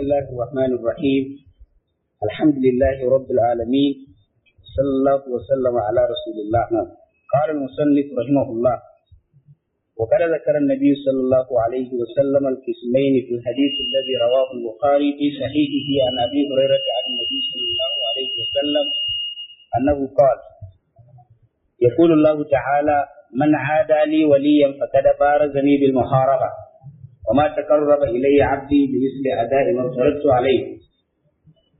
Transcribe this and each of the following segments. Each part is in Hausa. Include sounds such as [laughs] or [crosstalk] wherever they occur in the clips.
بسم الله الرحمن الرحيم الحمد لله رب العالمين صلى الله وسلم على رسول الله قال المصنف رحمه الله وقد ذكر النبي صلى الله عليه وسلم القسمين في الحديث الذي رواه البخاري في صحيحه عن ابي هريره عن النبي صلى الله عليه وسلم انه قال يقول الله تعالى من عادى لي وليا فقد بارزني بالمحاربه وما تقرب إلي عبدي بمثل أداء ما افترضت عليه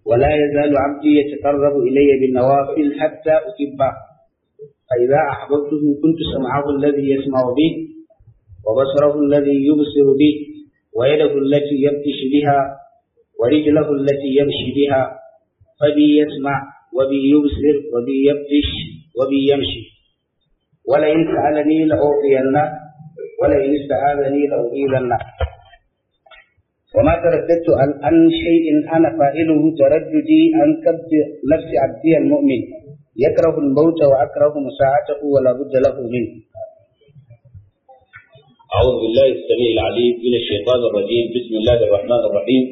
ولا يزال عبدي يتقرب إلي بالنوافل حتى أحبه فإذا أحببته كنت سمعه الذي يسمع به وبصره الذي يبصر به ويده التي يبتش بها ورجله التي يمشي بها فبي يسمع وبي يبصر وبي يبتش وبي يمشي ولئن سألني لأعطينه ولئن استعاذني لأغيظنه وما ترددت عن أن شيء أنا فاعله ترددي عن كبد نفس عبدي المؤمن يكره الموت وأكره مساعته ولا بد له منه أعوذ بالله السميع العليم من الشيطان الرجيم بسم الله الرحمن الرحيم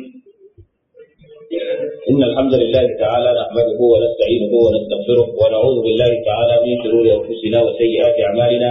إن الحمد لله تعالى نحمده ونستعينه ونستغفره ونعوذ بالله تعالى من شرور أنفسنا وسيئات أعمالنا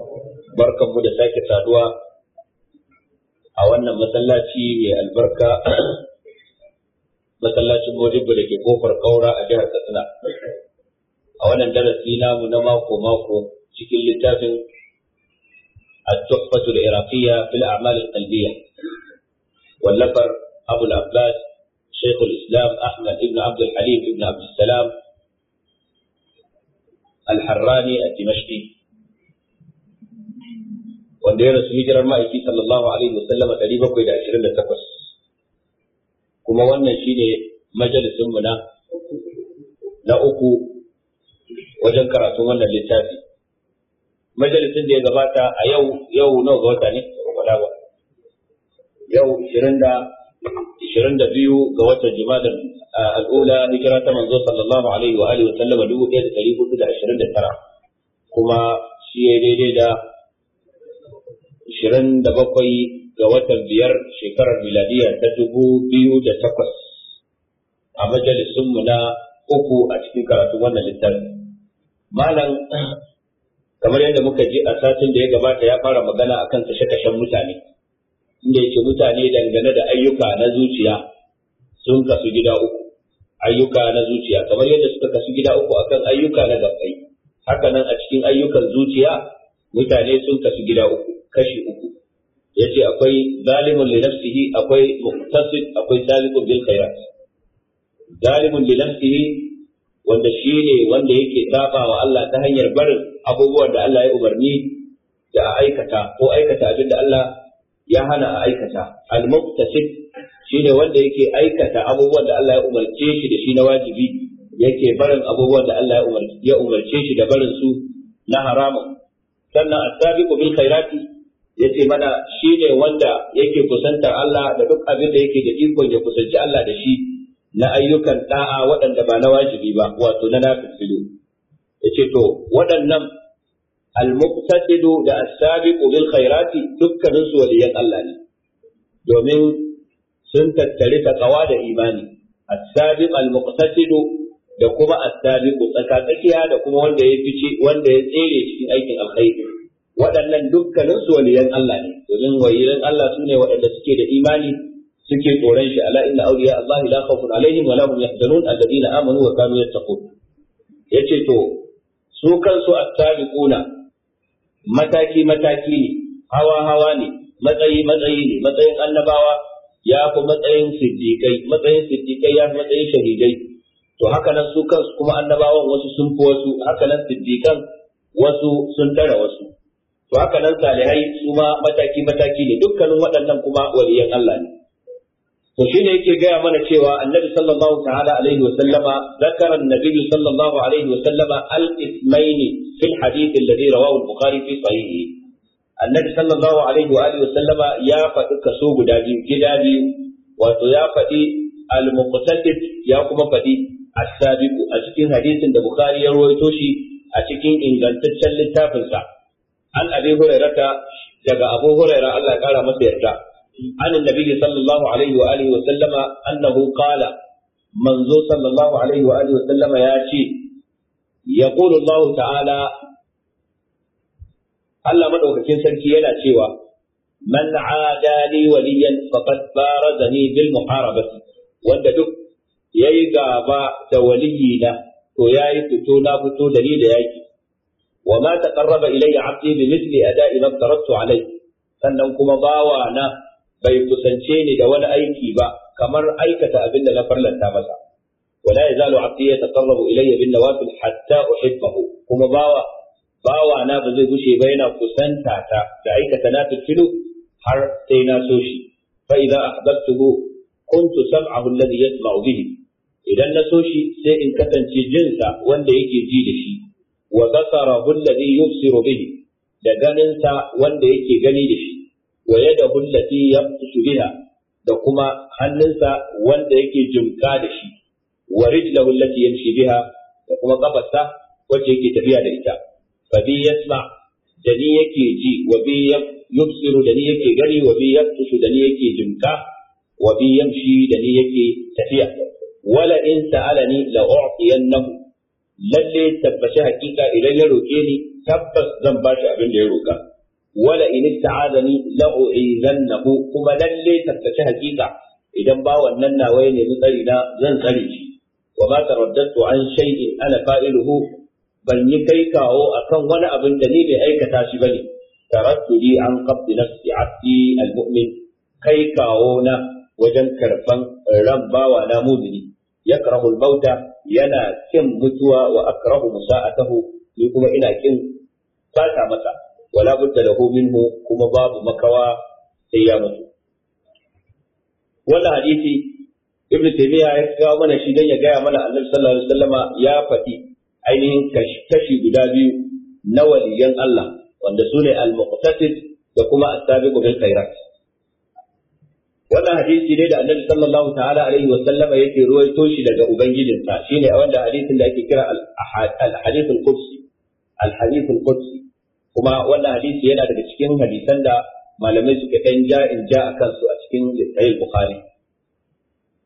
barkanmu da sake saduwa a wannan masallaci mai albarka masallacin Modibo da ke kofar kaura a jihar Katsina. A wannan darasi namu na mako-mako cikin littafin التحفة العراقية في Wallafar القلبية واللفر أبو العباس شيخ الإسلام أحمد بن عبد الحليم بن عبد السلام الحراني الدمشقي wanda ya rasu hijirar ma'aiki sallallahu alaihi wasallama ɗari bakwai da ashirin da takwas kuma wannan shi ne majalisinmu na na uku wajen karatun wannan littafi majalisin da ya gabata a yau yau nawa ga wata ne ba ba yau ishirin da ishirin da biyu ga watan jumadar al'ula hijira ta manzo sallallahu alaihi wa alihi sallama dubu ɗaya da ɗari hudu da ashirin da tara kuma shi ya daidai da ashirin da bakwai ga watan biyar shekarar miladiya ta dubu biyu da takwas a majalisunmu na uku a cikin karatun wannan littafi. Malam kamar yadda muka ji a satin da ya gabata ya fara magana a kan kashe-kashen mutane, inda yake mutane dangane da ayyuka na zuciya sun kasu gida uku. Ayyuka na zuciya kamar yadda suka kasu gida uku akan ayyuka na gabbai. Haka nan a cikin ayyukan zuciya mutane sun kasu gida uku kashi uku Ya ce akwai zalimin li nafsihi akwai muqtasid akwai zalimin bil khairat zalimun li nafsihi wanda ne wanda yake saba wa Allah ta hanyar barin abubuwan da Allah ya umarni da a aikata ko aikata abin da Allah ya hana a aikata al shi ne wanda yake aikata abubuwan da Allah ya umarce shi da shi na wajibi yake barin abubuwan da Allah ya umarce shi da barin su na haramun sannan as-sabiqu bil khairati yace mana shine wanda yake kusantar Allah da duk abin da yake da ikon ya kusanci Allah da shi na ayyukan da'a waɗanda ba na wajibi ba wato na nafilu yace to waɗannan al da as-sabiqu bil khairati dukkanin su waliyan Allah ne domin sun tattare takawa da imani as al da kuma as tsaka tsakatsakiya da kuma wanda ya fice wanda ya tsere cikin aikin alkhairi waɗannan dukkanin su waliyan Allah ne domin waliyan Allah sune waɗanda suke da imani suke tsoron shi ala inna awliya Allah la khawfun alaihim wa la hum yahzanun alladheena amanu wa kanu yattaqun yace to su kansu as-sabiquna mataki mataki ne hawa hawa ne matsayi matsayi ne matsayin annabawa ya fi matsayin siddiqai matsayin siddiqai ya fi matsayin shahidai to haka nan su kansu kuma annabawan wasu sun fi wasu haka nan siddiqan wasu sun tara wasu to haka nan salihai su ma mataki mataki ne dukkanin waɗannan kuma waliyan Allah ne to shine yake gaya mana cewa annabi sallallahu ta'ala alaihi wa sallama zakara annabi sallallahu alaihi wa sallama al-ismaini fil hadith alladhi rawahu al-bukhari fi sahihi annabi sallallahu alaihi wa alihi sallama ya faɗi kaso guda biyu gida biyu wato ya faɗi al-muqtasid ya kuma faɗi as a cikin hadisin da bukhari ya rawaito shi a cikin ingantaccen littafinsa an abi hurairata daga abu huraira Allah ya kara masa yarda an annabi sallallahu alaihi wa alihi wa sallama annahu qala manzo sallallahu alaihi wa alihi wa sallama ya ce yaqulu Allah ta'ala Allah madaukakin sarki yana cewa man adali waliyan faqad barazani bil muharabati wanda duk ya yi gaba da waliyina to ya yi fito na fito da ni da yaki wa ma taqarraba ilayya 'abdi bi mithli ada'i ma tarattu alayhi sannan kuma bawa na bai kusance ni da wani aiki ba kamar aikata abin da na farlanta masa wala yazalu 'abdi yataqarrabu ilayya bin nawafil hatta uhibbahu kuma bawa bawa na ba zai gushe ba yana kusanta ta da aikata na fitilu har sai na so shi fa idza ahbabtuhu kuntu sam'ahu alladhi yasma'u bihi idan na so shi sai in kasance jinsa wanda yake ji da shi wa basarahu alladhi yubsiru bihi da ganinsa wanda yake gani da shi wa yadahu allati yabtashu biha da kuma hannunsa wanda yake jimka da shi wa rijlahu allati yamshi biha da kuma kafarsa wacce yake tafiya da ita fa bi yasma da ni yake ji wa bi yubsiru da ni yake gani wa bi yabtashu da ni yake jimka wa bi yamshi da ni yake tafiya wala in sa'alani la u'tiyannahu lalle tabbaci hakika idan ya roke ni tabbas zan bashi abin da ya roka wala in ista'azani la u'izannahu kuma lalle tabbaci hakika idan ba wannan nawa ya nemi tsari na zan tsare shi wa ma taraddatu an shay'in ana fa'iluhu ban yi kai kawo akan wani abin da ni bai aikata shi bane tarattu li an qabdi nafsi abdi almu'min kai kawo na wajen karban ran bawa na mumini yakrahu al-mauta yana kin mutuwa wa akrahu taho, ni kuma ina kin fata masa wala da lahu minhu kuma babu makawa sai ya mutu wannan hadisi ibn taymiya ya kawo mana shi dan ya gaya mana annabi sallallahu alaihi wasallama ya faɗi ainihin kashi guda biyu na waliyan Allah wanda sune al-muqtasid da kuma as-sabiqu bil wannan hadisi ne da annabi sallallahu ta'ala alaihi wa sallama yake ruwaito shi daga ubangijinsa shine wanda hadisin da ake kira al-hadith qudsi al qudsi kuma wannan hadisi yana daga cikin hadisan da malamai suka dan ja in ja akan su a cikin sahih bukhari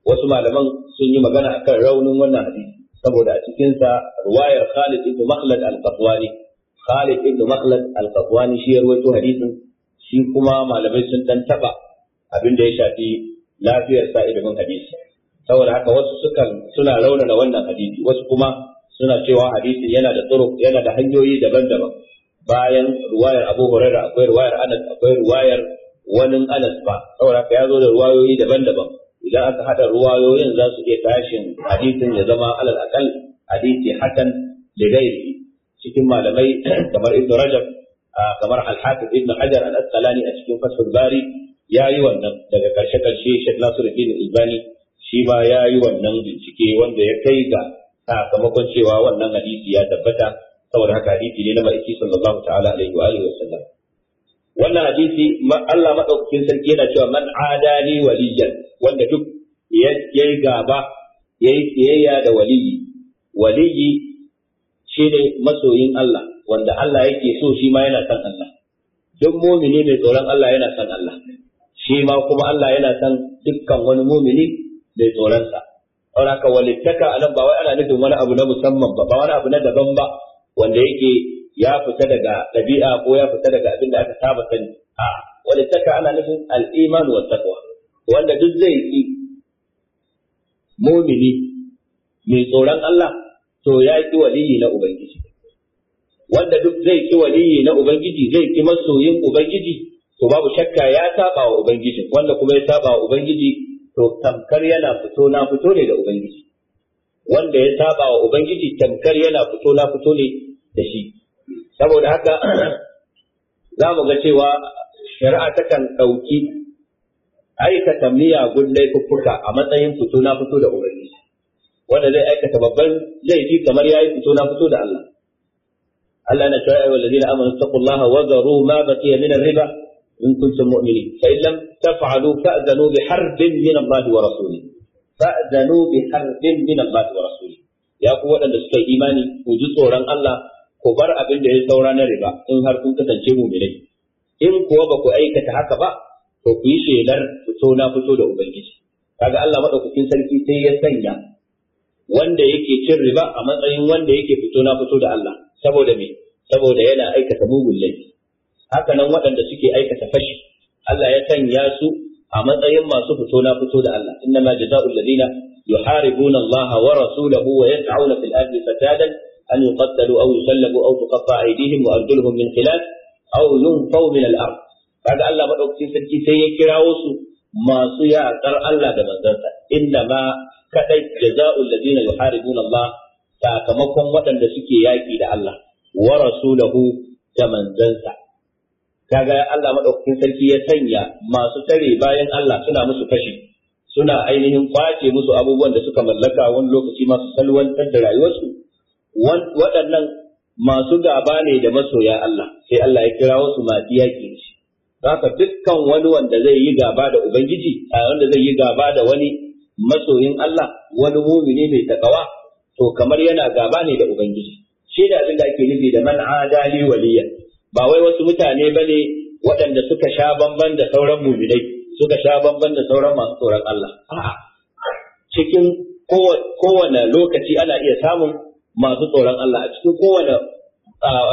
wasu malaman sun yi magana akan raunin wannan hadisi saboda a cikin sa ruwayar Khalid ibn Makhlad al-Qatwani Khalid ibn Makhlad al-Qatwani shi ya ruwaito hadisin shi kuma malamai sun dan taba abin da ya shafi lafiyar sa ilimin hadisi saboda haka wasu sukan suna raunana wannan hadisi wasu kuma suna cewa hadisin yana da tsoro. yana da hanyoyi daban-daban bayan ruwayar Abu Hurairah akwai ruwayar Anas akwai ruwayar wani Anas ba saboda haka ya zo da ruwayoyi daban-daban idan aka haɗa ruwayoyin za su iya tashin hadisin ya zama alal akal hadisi hakan da gairi cikin malamai [clears throat] kamar Ibn Rajab kamar Al-Hafiz Ibn Hajar Al-Asqalani a cikin Fathul Bari ya yi wannan daga ƙarshe ƙarshe Nasiru Nasiruddin Albani shi ma ya yi wannan bincike wanda ya kai ga sakamakon cewa wannan hadisi ya tabbata saboda haka hadisi ne na ma'aiki sallallahu ta'ala alaihi wa alihi wasallam wannan hadisi Allah madaukakin sarki yana cewa man adani waliyan wanda duk yayi gaba yayi tsayayya da waliyi waliyi shine masoyin Allah wanda Allah yake so shi ma yana son Allah duk mumini mai tsoron Allah yana son Allah shi ma kuma Allah yana son dukkan wani mumini mai tsoronsa don haka walittaka anan ba wai ana nufin wani abu na musamman ba ba wani abu na daban ba wanda yake ya fita daga ɗabi'a ko ya fita daga abin da aka saba sani a walittaka ana nufin al'iman wa taqwa wanda duk zai yi mumini mai tsoron Allah to ya ki waliyi na ubangiji wanda duk zai ki waliyi na ubangiji zai ki masoyin ubangiji to babu shakka ya saba wa ubangiji wanda kuma ya saba wa ubangiji to tamkar yana fito na fito ne da ubangiji wanda ya saba wa ubangiji tamkar yana fito na fito ne da shi saboda haka [clears throat] za mu ga cewa shari'a takan ɗauki aikata miyagun laifuffuka a matsayin fito na fito da ubangiji wanda zai aikata babban laifi kamar ya yi fito na fito da Allah Allah na cewa ayyuhal ladina amanu taqullaha wa zaru ma baqiya min riba in kuntum mu'minin fa in lam taf'alu fa'zanu bi harbin min Allah wa Rasuli. fa'zanu bi harbin min Allah wa Rasuli. ya ku waɗanda suka yi imani ku ji tsoron Allah ku bar abin da ya saura na riba in har kun kasance mu'minai in kuwa ba ku aikata haka ba to ku yi shelar fito na fito da ubangiji kaga Allah madaukakin sarki sai ya sanya wanda yake cin riba a matsayin wanda yake fito na fito da Allah saboda me saboda yana aikata mugun laifi haka nan waɗanda suke aikata fashi Allah ya sanya su a matsayin masu fito na fito da Allah inna ma jazaa'ul ladina yuharibuna Allah wa rasulahu wa yas'auna fil ardi fasadan an yuqaddalu aw yusallabu aw tuqatta aydihim wa arjuluhum min khilaf aw yunfaw min al ard kaga Allah madaukakin sarki sai ya kirawo su masu yaƙar Allah da manzansa inna ma kadai jazaa'ul ladina yuharibuna Allah sakamakon waɗanda suke yaƙi da Allah wa rasulahu da manzansa kaga Allah madaukakin sarki ya sanya masu tare bayan Allah suna musu kashi suna ainihin kwace musu abubuwan da suka mallaka wani lokaci masu salwantar da rayuwarsu waɗannan masu gaba ne da masoya Allah sai Allah ya kira wasu masu yaƙi shi haka dukkan wani wanda zai yi gaba da ubangiji a wanda zai yi gaba da wani masoyin Allah wani mumini mai takawa to kamar yana gaba ne da ubangiji shi da abin da ake nufi da man adali waliyan ba wai wasu mutane ne waɗanda suka sha bamban da sauran mu'minai suka sha bamban da sauran masu tsoron Allah a'a cikin kowane lokaci ana iya samun masu tsoron Allah a cikin kowane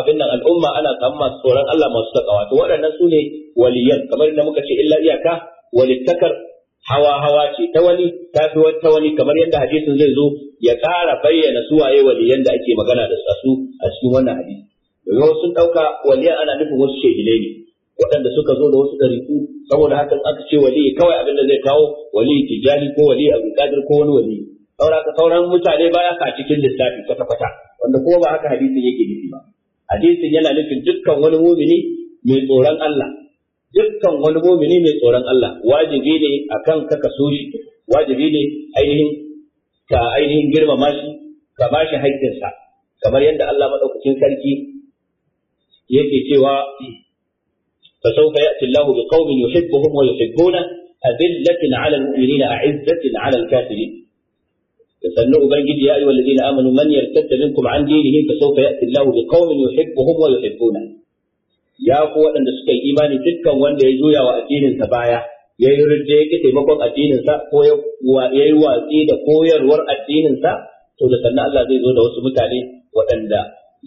abin nan al'umma ana samun masu tsoron Allah masu takawa to waɗannan su ne waliyan kamar da muka ce illa iyaka walittakar hawa hawa ce ta wani ta fi wata wani kamar yadda hadisin zai zo ya ƙara bayyana su waye waliyan da ake magana da su a cikin wannan hadisi domin wasu ɗauka waliya ana nufin wasu shehile ne waɗanda suka zo da wasu ɗariku saboda haka aka ce wali kawai abin da zai kawo wali tijani ko wali abu kadir ko wani wali saboda haka sauran mutane baya ka cikin lissafi kwata kwata wanda kuma ba haka hadisin yake nufi ba hadisin yana nufin dukkan wani mumini mai tsoron Allah dukkan wani mumini mai tsoron Allah wajibi ne akan ka kaso shi wajibi ne ainihin ka ainihin girmama shi ka bashi haƙƙinsa kamar yadda Allah madaukakin sarki yake cewa فسوف يأتي الله بقوم يحبهم ويحبونه أذلة على المؤمنين أعزة على الكافرين فسنؤ بنجد يا أيها الذين آمنوا من يرتد منكم عن دينه فسوف يأتي الله بقوم يحبهم ويحبونه يا قوة أن سكي إيماني تلك وأن يجويا وأدين سبايا ya yi rijje ya taimakon addininsa ko ya yi watsi da koyarwar addininsa to da sannan Allah zai zo da wasu mutane waɗanda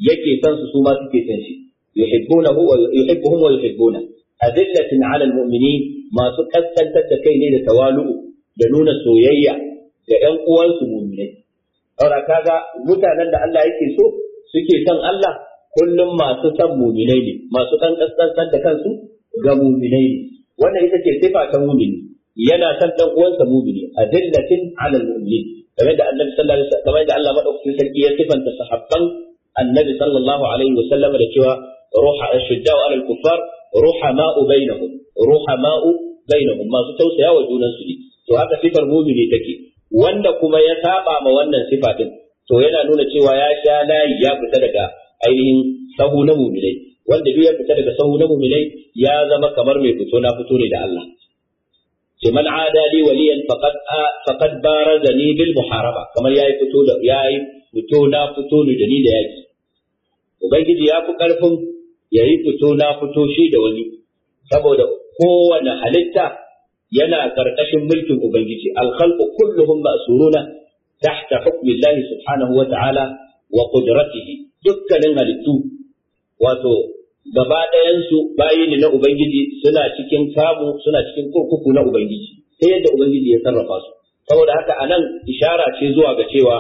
yake san su su ma suke san shi yuhibbunahu wa yuhibbuhum wa yuhibbuna adillatin 'ala al-mu'minin masu kaskantar da kai ne da tawalu'u da nuna soyayya ga 'yan uwansu mu'minai saboda kaga mutanen da Allah yake so suke son Allah kullum masu son mu'minai ne masu kan kaskantar kansu ga mu'minai ne wannan ita ce sifa ta mu'mini yana son dan uwansa mu'mini adillatin 'ala al-mu'minin kamar da Allah sarki ya sifanta sahabban annabi sallallahu da ruha ashudda'u alal kuffar ruhama'u bainahum ruhama'u masu tausaya wa junan su ne to haka sifar mu'mini take wanda kuma ya saɓa ma wannan sifa din to yana nuna cewa ya sha layi ya fita daga ainihin sahu na mu'minai wanda duk ya fita daga sahu na ya zama kamar mai fito na Allah ce man ada li waliyan faqad faqad barazani bil muharaba kamar yayi fito da yayi fito da ni da yaki ubangiji ya fi karfin ya yi fito na fito shi da wani saboda kowane halitta yana ƙarƙashin mulkin ubangiji alkhalqu kulluhum suruna, tahta hukmi Allah subhanahu wa ta'ala wa qudratihi dukkanin halittu wato gaba ɗayansu bayi ne na ubangiji suna cikin kamu suna cikin kurkuku na ubangiji sai yadda ubangiji ya sarrafa su saboda haka anan ishara ce zuwa ga cewa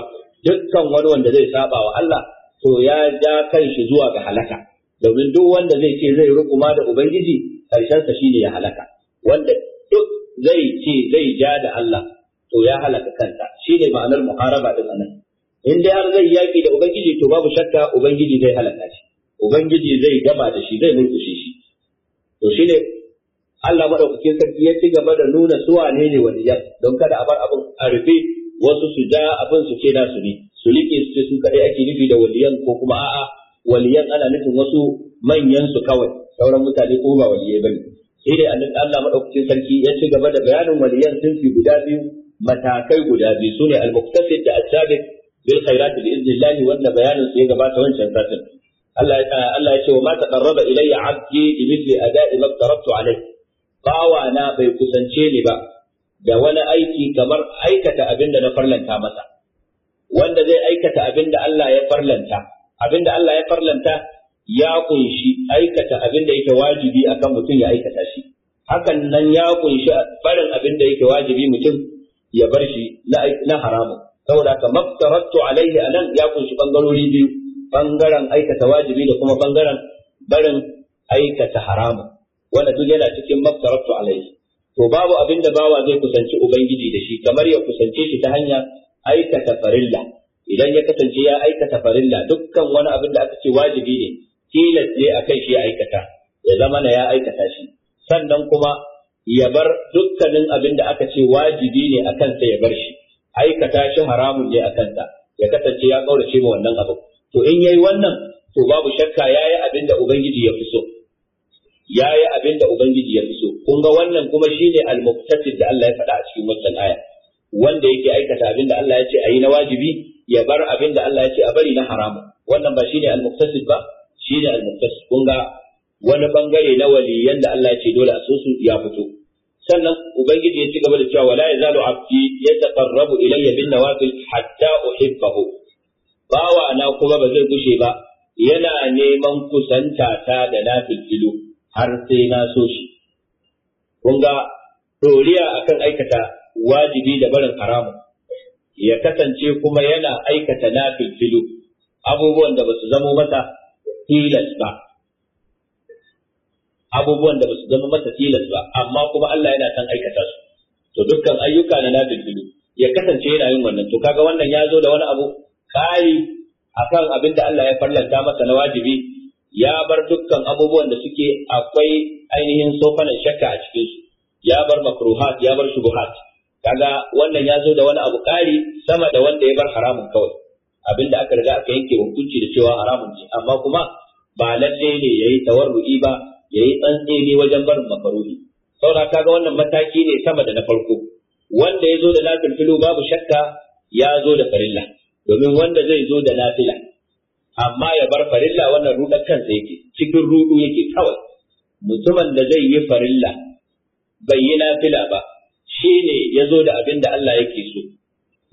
dukkan wani wanda zai saba wa Allah to ya ja kan shi zuwa ga halaka domin duk wanda zai ce zai rukuma da ubangiji karshensa shine ya halaka wanda duk zai ce zai ja da Allah to ya halaka kanta, shine ma'anar muharaba din anan in dai har zai yaki da ubangiji to babu shakka ubangiji zai halaka shi ubangiji zai gama da shi zai murkushe shi to shine Allah madaukakin sarki ya ci gaba da nuna su wane ne don kada a bar abin a rufe wasu su ja abin su ce nasu ne su liƙe su ce su kaɗai ake nufi da waliyan ko kuma a'a waliyan ana nufin wasu manyan su kawai sauran mutane ko ba waliyai bane sai dai Allah madaukakin sarki ya ci gaba da bayanin waliyan sun fi guda biyu matakai guda biyu sune al-muqtasid da al sabiq bil khairat bi idnillah wanda bayanin su ya gabata wancan satin Allah ya Allah ya ce wa ma taqarraba ilayya 'abdi bi mithli ada'i ma taraktu alayhi bawa na bai kusance ni ba da wani aiki kamar aikata abin da na farlanta masa wanda zai aikata abin da Allah ya farlanta abinda Allah ya farlanta ya kunshi aikata abinda yake wajibi akan mutum ya aikata shi hakan nan ya kunshi barin abinda yake wajibi mutum ya bar shi na haramun saboda ka maftaratu alaihi anan ya kunshi bangarori biyu bangaren aikata wajibi da kuma bangaren barin aikata haramun wanda duk yana cikin maftaratu alaihi to babu abinda da bawa zai kusanci ubangiji da shi kamar ya kusance shi ta hanya aikata farilla idan ya kasance ya aikata farilla dukkan wani abin da aka ce wajibi ne tilas ne kai shi ya aikata ya zama na ya aikata shi sannan kuma ya bar dukkanin abin da aka ce wajibi ne a kansa ya bar shi aikata shi haramun ne a kansa ya kasance ya kaurace ma wannan abu to in yayi wannan to babu shakka yayi abin da ubangiji ya fi so yayi abin da ubangiji ya fi so kun ga wannan kuma shine al-muqtasid da Allah ya faɗa a cikin wannan aya wanda yake aikata abin da Allah ya ce ayi na wajibi ya bar abin da Allah ya ce a bari na haramu wannan ba shine al-muktasib ba shine al-muktasib kun ga wani bangare na waliyan da Allah ya ce dole a ya fito sannan ubangiji ya ci gaba da cewa wala yazalu abdi yataqarrabu ilayya bin nawafil hatta uhibbahu bawa na kuma ba zai gushe ba yana neman kusanta ta da nafilfilu har sai na so shi kun ga doriya akan aikata wajibi da barin haramun ya kasance kuma yana aikata filu abubuwan da ba su zamo masa tilas ba abubuwan da ba su zama masa tilas ba amma kuma Allah yana san aikata su to dukkan ayyuka na filu ya kasance yana yin wannan to kaga wannan ya zo da wani abu kai akan abin da Allah ya farlanta masa na wajibi ya bar dukkan abubuwan da suke akwai ainihin sofanan shakka a cikin su ya bar makruhat ya bar shubuhat kaga wannan ya zo da wani abu kari sama da wanda ya bar haramun kawai abinda aka riga aka yanke hukunci da cewa haramun ce. amma kuma ba lalle ne yayi tawarru'i ba yayi ne wajen barin makaruhi saboda kaga wannan mataki ne sama da na farko wanda ya zo da nafilfilu babu shakka ya zo da farilla domin wanda zai zo da nafila amma ya bar farilla wannan rudar kansa yake cikin rudu yake kawai mutumin da zai yi farilla bai yi nafila ba shi ne ya zo da abin da Allah yake so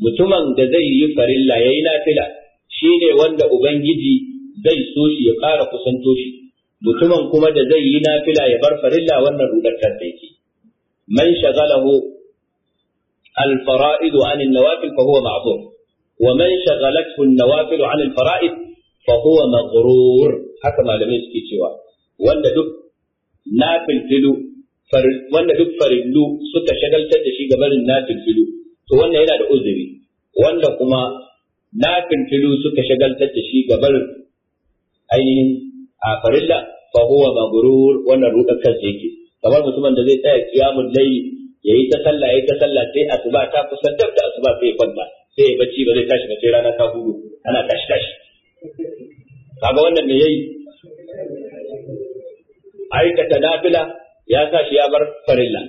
mutumin da zai yi farilla ya yi nafila shi ne wanda ubangiji zai so shi ya ƙara kusanto shi mutumin kuma da zai yi nafila ya bar farilla wannan rudar kanta yake man shagalahu الفرائض عن النوافل فهو معذور ومن شغلته النوافل عن الفرائض فهو مغرور haka malamai suke cewa wanda duk nafil filu wanda duk farillu suka shagaltar da shi gabarin nafin filu to wannan yana da uzuri wanda kuma nafin filu suka shagaltar da shi gabarin ainihin a farilla fa huwa maghrur wannan ruɗar kan yake kamar mutumin da zai tsaya layi ya yayi ta sallah yayi ta sallah sai asuba ta kusan dab da asuba sai ya kwanta sai ya bacci ba zai tashi ba sai rana ta hudu ana tashi tashi kaga wannan me yayi aikata nafila ya sa shi ya bar farilla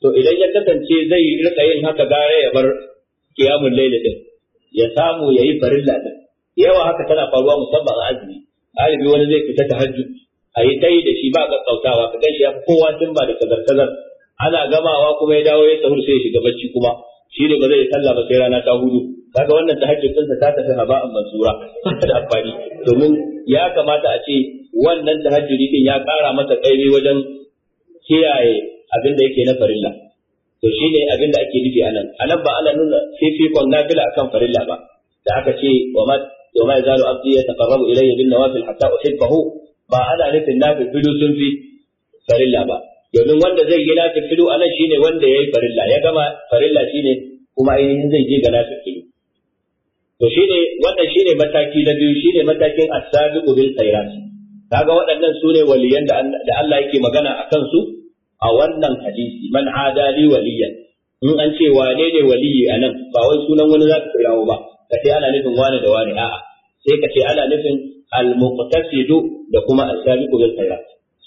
to idan ya kasance zai rika yin haka gare ya bar kiyamun layl din ya samu yayi farilla din yawa haka tana faruwa musamman a azumi galibi wani zai fita tahajjud a yi tai da shi ba kautawa ka gan shi ya kowa tun ba da kazarkazar. ana gamawa kuma ya dawo ya sahur sai ya shiga bacci kuma shi ne ba zai talla ba sai rana ta hudu kaga wannan tahajjud din ta tafi an mansura [laughs] da amfani domin ya kamata a ce wannan tahajjudi din ya kara masa kaimi wajen kiyaye abin da yake na farilla to shine abin da ake nufi anan anan ba ana nuna fifikon nafila akan farilla ba da aka ce wa ma wa ma yazalu abdi yataqarrabu ilayya bin nawafil hatta uhibbahu ba ana nufin nafil fidu sun fi farilla ba domin wanda zai yi nafil fidu anan ne wanda ya yi farilla ya gama farilla shi ne kuma ainihin zai je ga nafil fidu to shine wannan shi ne mataki na biyu Shi ne matakin as-sabiqu bil khairat kaga waɗannan su ne waliyan da Allah yake magana a kansu a wannan hadisi man adali waliyan in an ce wane ne waliyi a nan ba wai sunan wani za ka kirawo ba ka ce ana nufin wane da wane a'a sai ka ce ana nufin al-muqtasidu da kuma al-sabiqu bil khairat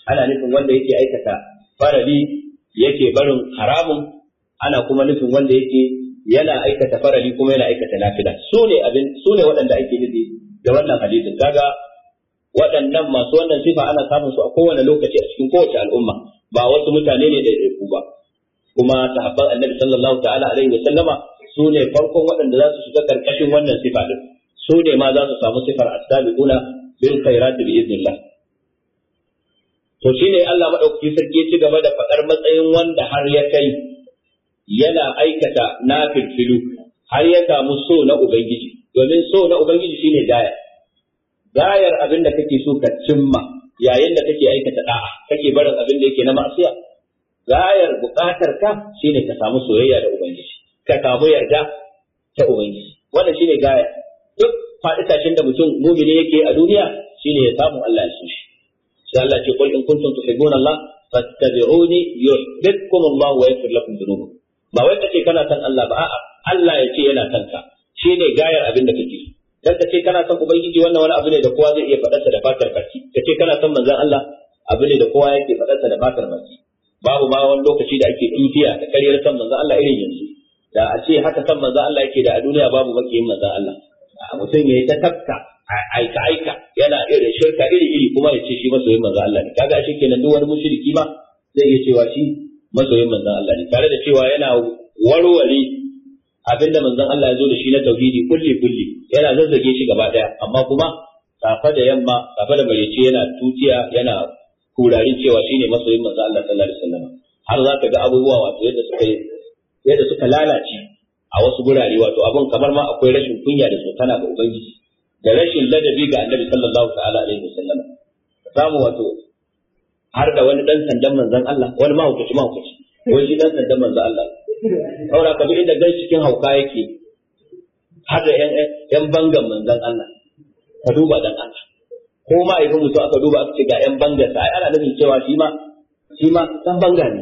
ana nufin wanda yake aikata farali yake barin haramun ana kuma nufin wanda yake yana aikata farali kuma yana aikata nafila su ne abin su ne waɗanda ake nufi da wannan hadisin kaga waɗannan masu wannan sifa ana samun su a kowane lokaci a cikin kowace al'umma ba wasu mutane ne da ku ba kuma sahabban annabi sallallahu ta'ala alaihi wa sallama su ne farkon waɗanda za su shiga karkashin wannan sifa din su ne ma za su samu sifar as-sabiquna bil khairat bi idnillah to shine Allah madaukakin sarki ci gaba da faɗar matsayin wanda har ya kai yana aikata na nafilfilu har ya samu so na ubangiji domin so na ubangiji shine daya gayar abin da kake so ka cimma yayin da kake aikata da'a kake barin abin da yake na ma'asiya gayar buƙatar ka shine ka samu soyayya da ubangiji ka samu yarda ta ubangiji wannan shine gaya duk faɗi tashin da mutum mumini yake a duniya shine ya samu Allah ya so shi sai Allah ce qul in kuntum tuhibbuna Allah fattabi'uni yuhibbukum Allah wa yaghfir lakum dhunubakum ba wai kace kana san Allah ba a'a Allah ya ce yana san ka shine gayar abin da kake so dan ce kana son ubangiji wannan wani abu ne da kowa zai iya faɗarsa da fatar baki ce kana son manzon Allah abu ne da kowa yake faɗarsa da fatar baki babu ma wani lokaci da ake tutiya da kariyar san manzon Allah irin yanzu da a ce haka san manzon Allah yake da a duniya babu makiyin manzon Allah mutum ya ta tafka aika aika yana irin shirka iri iri kuma ya ce shi masoyin manzon Allah ne kaga shi kenan duk wani mushriki ma zai iya cewa shi masoyin manzon Allah ne tare da cewa yana warware abinda manzon Allah ya zo da shi na tauhidi kulli kulli yana zazzage shi gaba daya amma kuma safa da yamma safa da bayyace yana tutiya yana kurari cewa shine masoyin manzon Allah sallallahu alaihi wasallam har za ka ga abubuwa wato yadda suka yadda suka lalace a wasu gurare wato abun kamar ma akwai rashin kunya da tsokana ga ubangiji da rashin ladabi ga annabi sallallahu ta'ala alaihi wasallam samu wato har da wani dan sandan manzon Allah wani ma mahaukaci wani dan sandan manzon Allah saboda ka duk inda gan cikin hauka yake har da yan bangan manzan Allah ka duba dan Allah ko ma idan mutum aka duba aka ce ga yan bangan sa ana nufin cewa shi ma shi ma dan banga ne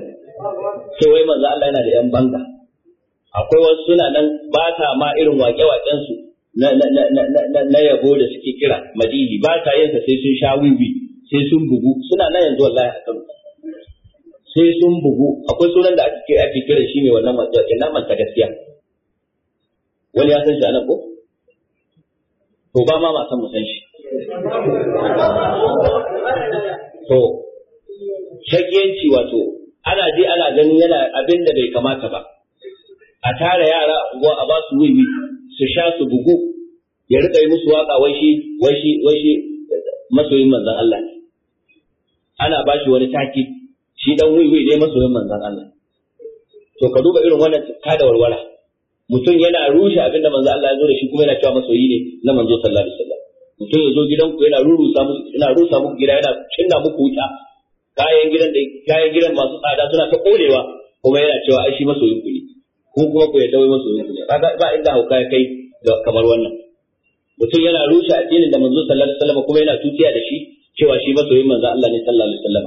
sai wai manzan Allah yana da yan banga akwai wasu suna nan ba ta ma irin waƙe waken su na na na na yabo da suke kira madini ba ta yin sa sai sun sha wiwi sai sun bugu suna nan yanzu wallahi a sai sun bugu akwai sunan da ake ake kira ne wannan matsayin eh, na manta gaskiya wani ya san shi anan ko to ba ma ma san mu san shi to shakiyanci wato ana je ana ganin yana abin da bai kamata ba a tara yara unguwa a ba su wiwi su sha su bugu ya rika yi musu waka wai shi wai shi wai shi masoyin manzon Allah ana ba shi wani taki shi dan wiwi ne masoyin manzan Allah to ka duba irin wannan kada da walwala mutum yana rushe abinda manzo Allah ya zo da shi kuma yana cewa masoyi ne na manzo sallallahu alaihi wasallam mutum ya zo gidanku yana rurusa musu yana rusa muku gida yana cinna muku wuta kayan gidan da kayan gidan masu tsada suna ta kolewa kuma yana cewa ai shi masoyin ku ne ko kuma ku yadda wai masoyin ku ne kaga ba inda hauka ya kai kamar wannan mutum yana rushe addinin da manzo sallallahu alaihi wasallam kuma yana tutiya da shi cewa shi masoyin manzo Allah ne sallallahu alaihi wasallam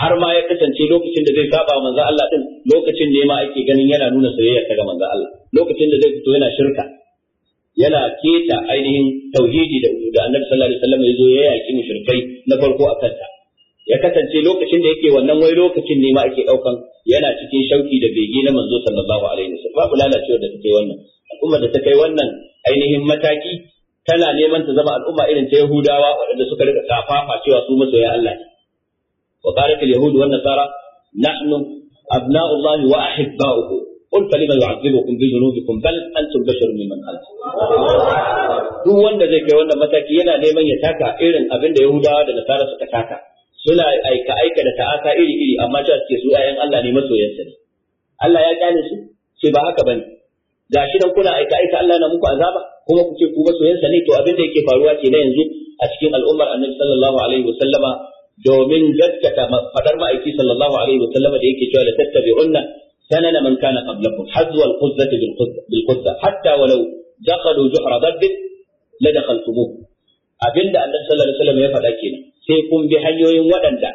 har ma ya kasance lokacin da zai saba manzo Allah din lokacin ne ma ake ganin yana nuna soyayya ta ga manzo Allah lokacin da zai fito yana shirka yana keta ainihin tauhidi da da Annabi sallallahu alaihi wasallam ya zo ya yaki mushrikai na farko a kanta ya kasance lokacin da yake wannan wai lokacin ne ma ake daukan yana cikin shauki da bege na manzo sallallahu alaihi wasallam babu lalacewar da take wannan al'ummar da ta kai wannan ainihin mataki tana neman ta zama al'umma irin ta Yahudawa waɗanda suka rika kafafa cewa su masoya Allah ne wa qalat al-yahud wa an-nasara nahnu abna'u Allah wa ahibba'uhu qul falima yu'adhibukum bi dhunubikum bal antum basharun mimman khalaq duk wanda zai kai wannan mataki yana neman ya taka irin abin da Yahudawa da Nasara suka taka suna aika aika da ta'asa iri iri amma ta suke su ayan Allah ne masoyansa ne Allah ya kyale su sai ba haka ba ne, bane shi dan kuna aika aika Allah na muku azaba kuma ku ce ku masoyansa ne to abinda da yake faruwa ke na yanzu a cikin al'ummar Annabi sallallahu alaihi wasallama domin gaskata fadar ma'aiki sallallahu alaihi wa sallama da yake cewa la tattabi'unna sanana man kana qablakum hazwa al-quzzati bil quzza hatta walau dakhalu juhra dabbin la dakhaltumuhu abinda annabi sallallahu alaihi wasallam ya faɗa kenan sai kun bi hanyoyin waɗanda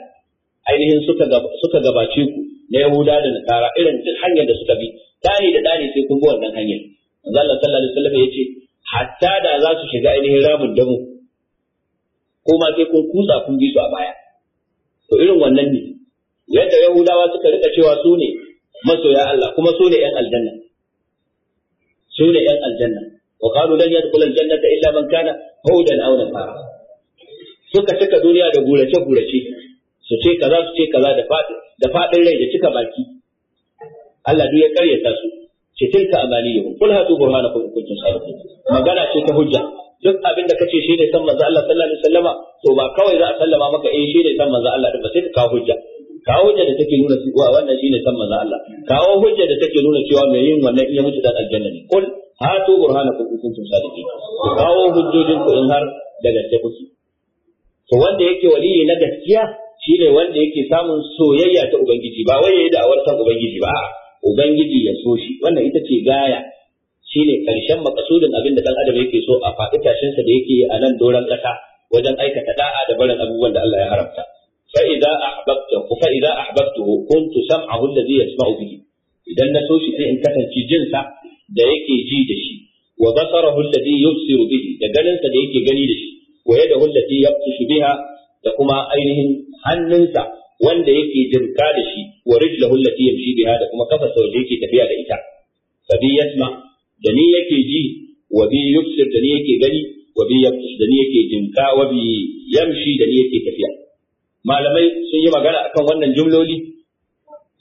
ainihin suka suka gabace ku na Yahuda da Nasara irin duk hanyar da suka bi tani da dani sai kun bi wannan hanyar manzo Allah sallallahu alaihi wasallam yace hatta da za su shiga ainihin ramin damu ko ma sai kun kusa kun bi su a baya to irin wannan ne yadda yahudawa suka rika cewa su ne masoya Allah kuma su ne yan aljanna su ne yan aljanna wa qalu lan yadkhul aljannata illa man kana hudan aw nasara suka cika duniya da gurace gurace su ce kaza su ce kaza da fadi da fadin rai da cika baki Allah duk ya karyata su ce tilka amaniyuhum qul hadu burhanakum in kuntum sadiqin magana ce ta hujja duk abin da kace shi ne san manzo Allah sallallahu alaihi wasallama to ba kawai za a sallama maka eh shi ne san manzo Allah din ba sai ka kawo hujja kawo hujja da take nuna cewa wannan shi ne san manzo Allah kawo hujja da take nuna cewa mai yin wannan iya mutu dan aljanna ne kul hatu burhanakum in kuntum sadiqin kawo hujjojin ku in har da gaske kuke to wanda yake waliyi na gaskiya shine wanda yake samun soyayya ta ubangiji ba wai yayi da'awar san ubangiji ba ubangiji ya so shi wannan ita ce gaya shine karshen makasudin abin da dan adam yake so a faɗi tashin sa da yake a nan doran ƙasa wajen aikata da'a da barin abubuwan da Allah ya haramta fa idza ahbabtu fa idza ahbabtuhu kuntu sam'ahu alladhi yasma'u bihi idan na so shi sai in kasance jin sa da yake ji da shi wa basarahu alladhi yubsiru bihi da ganin sa da yake gani da shi wa yadahu allati yabtashu biha da kuma ainihin hannunsa wanda yake dirka da shi wa rijlahu allati yamshi biha da kuma kafa da yake tafiya da ita fa bi yasma' da ni yake ji wa bi yubsir da ni yake gani wa bi yabtus da ni yake jinka wa bi yamshi da ni yake tafiya malamai sun yi magana akan wannan jimloli,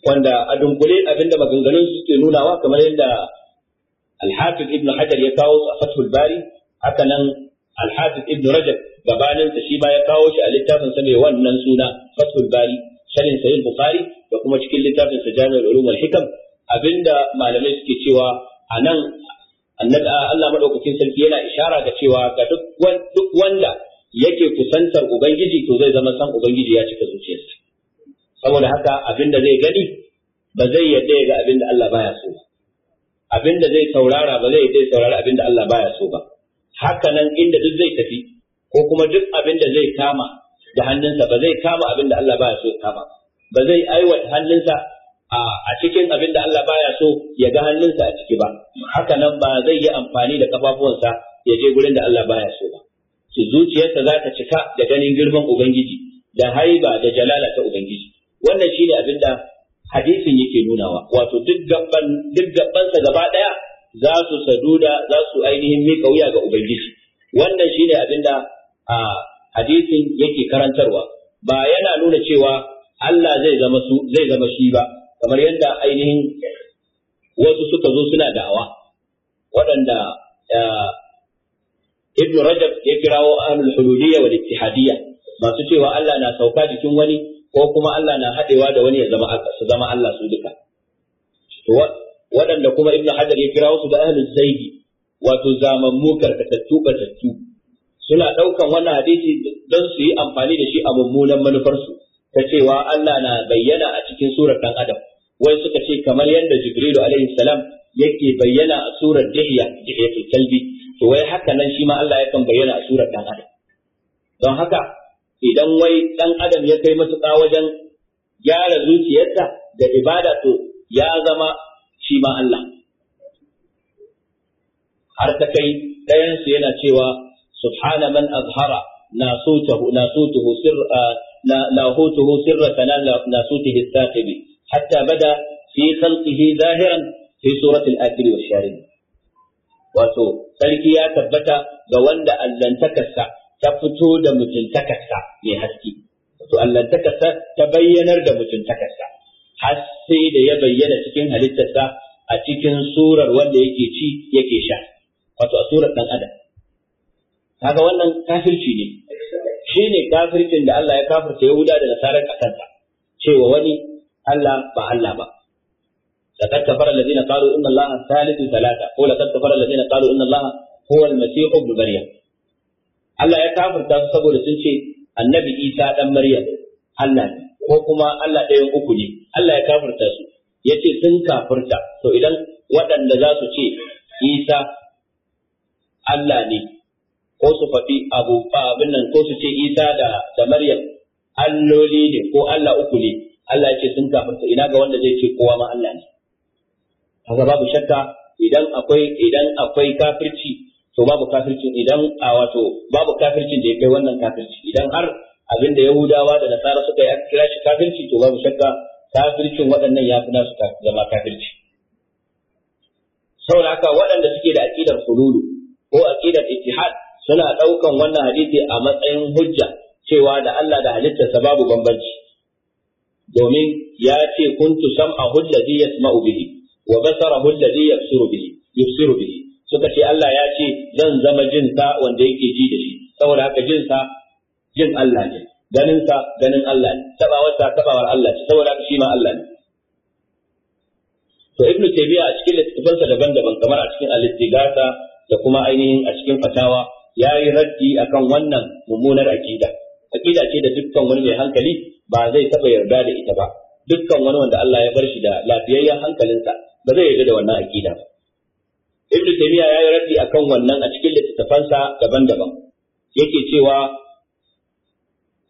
wanda a dunkule abinda maganganun suke nunawa kamar yadda al-hafiz ibn hajar ya kawo a fathul bari haka nan al ibn rajab gabanin sa shi ba ya kawo shi a littafin sa mai wannan suna fathul bari sanin sahih bukhari da kuma cikin littafinsa Jami'ar jami'ul ulum hikam abinda malamai suke cewa a nan Allah maɗaukakin sarki yana ishara da cewa ga duk wanda yake kusantar Ubangiji to zai zama san Ubangiji ya cika zuciyarsa. Saboda haka abinda zai gani ba zai yadda ya ga abinda Allah baya so ba. Abinda zai saurara ba zai yadda ya saurara abinda Allah baya so ba. Haka nan inda duk zai tafi ko kuma duk abinda zai kama da hannunsa ba zai kama abinda Allah baya so ya kama. Ba zai aiwata hannunsa a cikin abin da Allah baya so ya ga hannunsa a ciki ba haka nan ba zai yi amfani da kafafuwansa ya je gurin da Allah baya so ba su zuciyarsa za ta cika da ganin girman ubangiji da haiba da jalala ta ubangiji wannan shine abin da hadisin yake nunawa wato duk gaban duk gabansa gaba daya za su saduda za su ainihin mika wuya ga ubangiji wannan shine abin da hadisin yake karantarwa ba yana nuna cewa Allah zai zama su zai zama shi ba kamar yadda ainihin wasu suka zo suna da'awa waɗanda eh, ibn rajab ya kirawo ahlul hululiyya wal ittihadiyya masu cewa Allah na sauka jikin wani ko kuma Allah na haɗewa da wani ya zama su zama Allah su duka waɗanda kuma ibn hajar ya kirawo su da ahlul zaidi wato zaman mukar zamammu karkatattu tattu, suna ɗaukan wannan hadisi don su yi amfani da shi a mummunan manufarsu ta cewa Allah na bayyana a cikin surar ɗan adam wai suka ce kamar yadda jibrilu alaihi salam yake bayyana a surar dihiya dihiyatul kalbi to wai haka nan shi ma Allah yakan bayyana a surar dan adam don haka idan wai dan adam ya kai matuƙa wajen gyara zuciyarsa da ibada to ya zama shi ma Allah har ta kai ɗayansu yana cewa subhana man azhara nasutuhu nasutuhu sirra na nahutuhu sirra kana nasutuhu saqibi hatta bada fi khalqihi zahiran fi suratul akhir wa sharin wato sarki ya tabbata ga wanda allantakarsa ta fito da mutuntakarsa mai haske wato allantakarsa ta bayyanar da mutuntakarsa har sai da ya bayyana cikin halittarsa a cikin surar wanda yake ci yake sha wato a surar dan adam kaga wannan kafirci ne shine kafircin da Allah ya kafirta Yahuda da Nasara a kansa cewa wani Allah ba Allah ba لقد كفر الذين قالوا ان الله ثالث ثلاثه ولقد كفر الذين قالوا ان الله هو المسيح ابن مريم Allah ya kafirta su saboda sun ce annabi Isa dan Maryam Allah ko kuma Allah ɗayan uku ne Allah ya kafirta su ya ce sun kafirta to idan waɗanda za su ce Isa Allah ne ko su faɗi abu abin nan ko su ce Isa da Maryam ne ko Allah uku ne Allah ce sun kafarta ina ga wanda zai ce kowa ma Allah ne kaga babu shakka idan akwai idan akwai kafirci to babu kafircin idan a wato babu kafircin da ya kai wannan kafirci idan har abin da Yahudawa da Nasara suka yi kira shi kafirci to babu shakka kafircin waɗannan ya fi nasu zama kafirci saboda haka waɗanda suke da aƙidar sululu ko aƙidar ittihad suna ɗaukan wannan hadisi a matsayin hujja cewa da Allah da halittarsa babu bambanci domin ya ce kuntu sam'ahu alladhi yasma'u bihi wa basarahu alladhi yabsiru bihi yubsiru bihi suka ce Allah ya ce zan zama jin sa wanda yake ji da shi saboda haka jin sa jin Allah ne ganin sa ganin Allah ne tabawar sa tabawar Allah ce saboda haka shi ma Allah ne to ibnu taymiya a cikin littafansa daban-daban kamar a cikin al-istighatha da kuma ainihin a cikin fatawa ya yi raddi akan wannan mummunar akida akida ce da dukkan wani mai hankali ba zai taɓa yarda da ita ba dukkan wani wanda Allah ya bar shi da lafiyayyen hankalinsa ba zai yarda da wannan aqida ba Ibn Taymiyyah ya yi raddi akan wannan a cikin littattafansa daban-daban yake cewa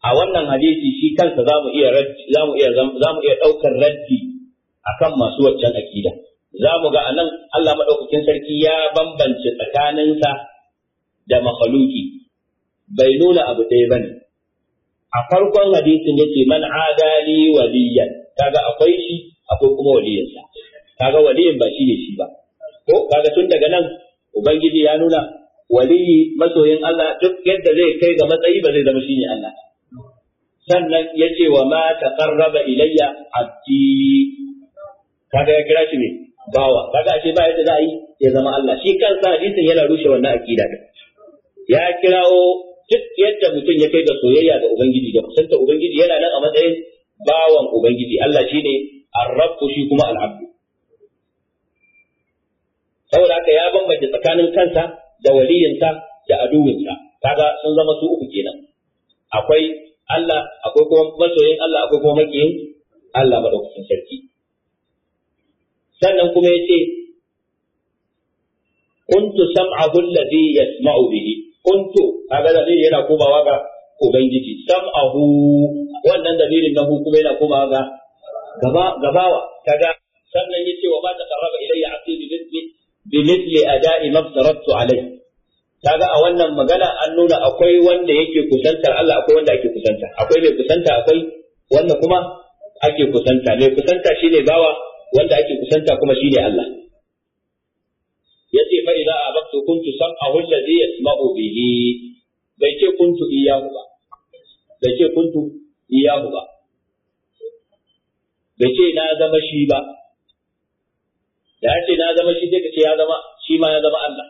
a wannan hadisi shi kansa zamu iya raddi zamu iya zamu iya daukar raddi akan masu waccan aqida zamu ga anan Allah madaukakin sarki ya bambance tsakaninsa da makhluki bai nuna abu ɗaya bane a farkon hadisin ke man adali waliyan kaga akwai shi akwai kuma waliyansa kaga waliyin ba shi ne shi ba ko kaga tun daga nan ubangiji ya nuna waliyi masoyin Allah duk yadda zai kai ga matsayi ba zai zama shi ne Allah sannan ya ce wa ma taqarraba ilayya abdi kaga ya kira shi ne bawa kaga ashe ba yadda za a yi ya zama Allah shi kansa hadisin yana rushe wannan akida ya kirawo duk yadda mutum ya kai ga soyayya ga ubangiji da kusanta ubangiji yana nan a matsayin bawan ubangiji Allah shi ne, rabbu shi kuma al'abdu. saboda haka ya bambanta tsakanin kansa da waliyinsa da aduwinsa kaga sun zama su uku kenan akwai Allah akwai kuma masoyin Allah akwai kuma makiyin Allah madaukakin sarki sannan kuma yace kuntu sam'ahu alladhi yasma'u bihi kuntu kaga dalili yana komawa ga ubangiji abu wannan dalilin na kuma yana komawa ga gabawa kaga sannan yace wa ma karaba ilayya 'abdi bi mithli bi mithli ada'i ma aftaratu alayhi kaga a wannan magana an nuna akwai wanda yake kusantar Allah akwai wanda ake kusanta akwai mai kusanta akwai wanda kuma ake kusanta mai kusanta shine bawa wanda ake kusanta kuma shine Allah yace to kuntu zai ya yasma'u obihi bai ce kuntu iyahu ba bai ce kuntu iyahu ba bai ce na zama shi ba da ya ce na zama shi sai ka ce ya zama shi ma ya zama Allah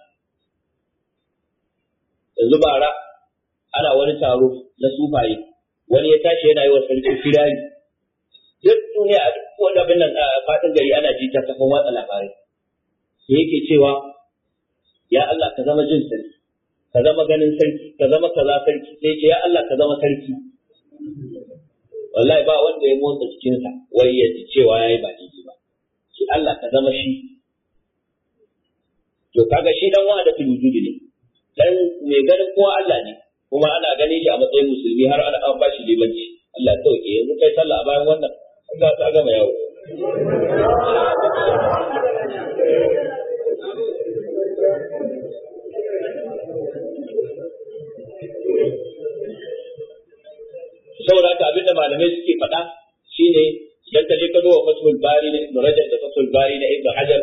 yanzu bara ana wani taro na sufaye wani ya tashi yana yi wa sarki firayi duk duniya a duk wani abin nan a fatan gari ana ji ta kafin watsa labarai sai yake cewa ya Allah ka zama jin sarki ka zama ganin sarki ka zama kaza sarki sai ce ya Allah ka zama sarki wallahi ba wanda ya motsa sa wai ya ji cewa yayi ba ji ba ki Allah ka zama shi to kaga shi dan wa'ada fil wujudi ne dan mai ganin kowa Allah ne kuma ana ganin shi a matsayin musulmi har ana an bashi limanci Allah ya tauke yanzu kai sallah a bayan wannan Allah ta gama yawo saboda ka abin da malamai suke faɗa shine idan ka je ka duba fathul bari na ibn rajab da fathul bari na ibn hajar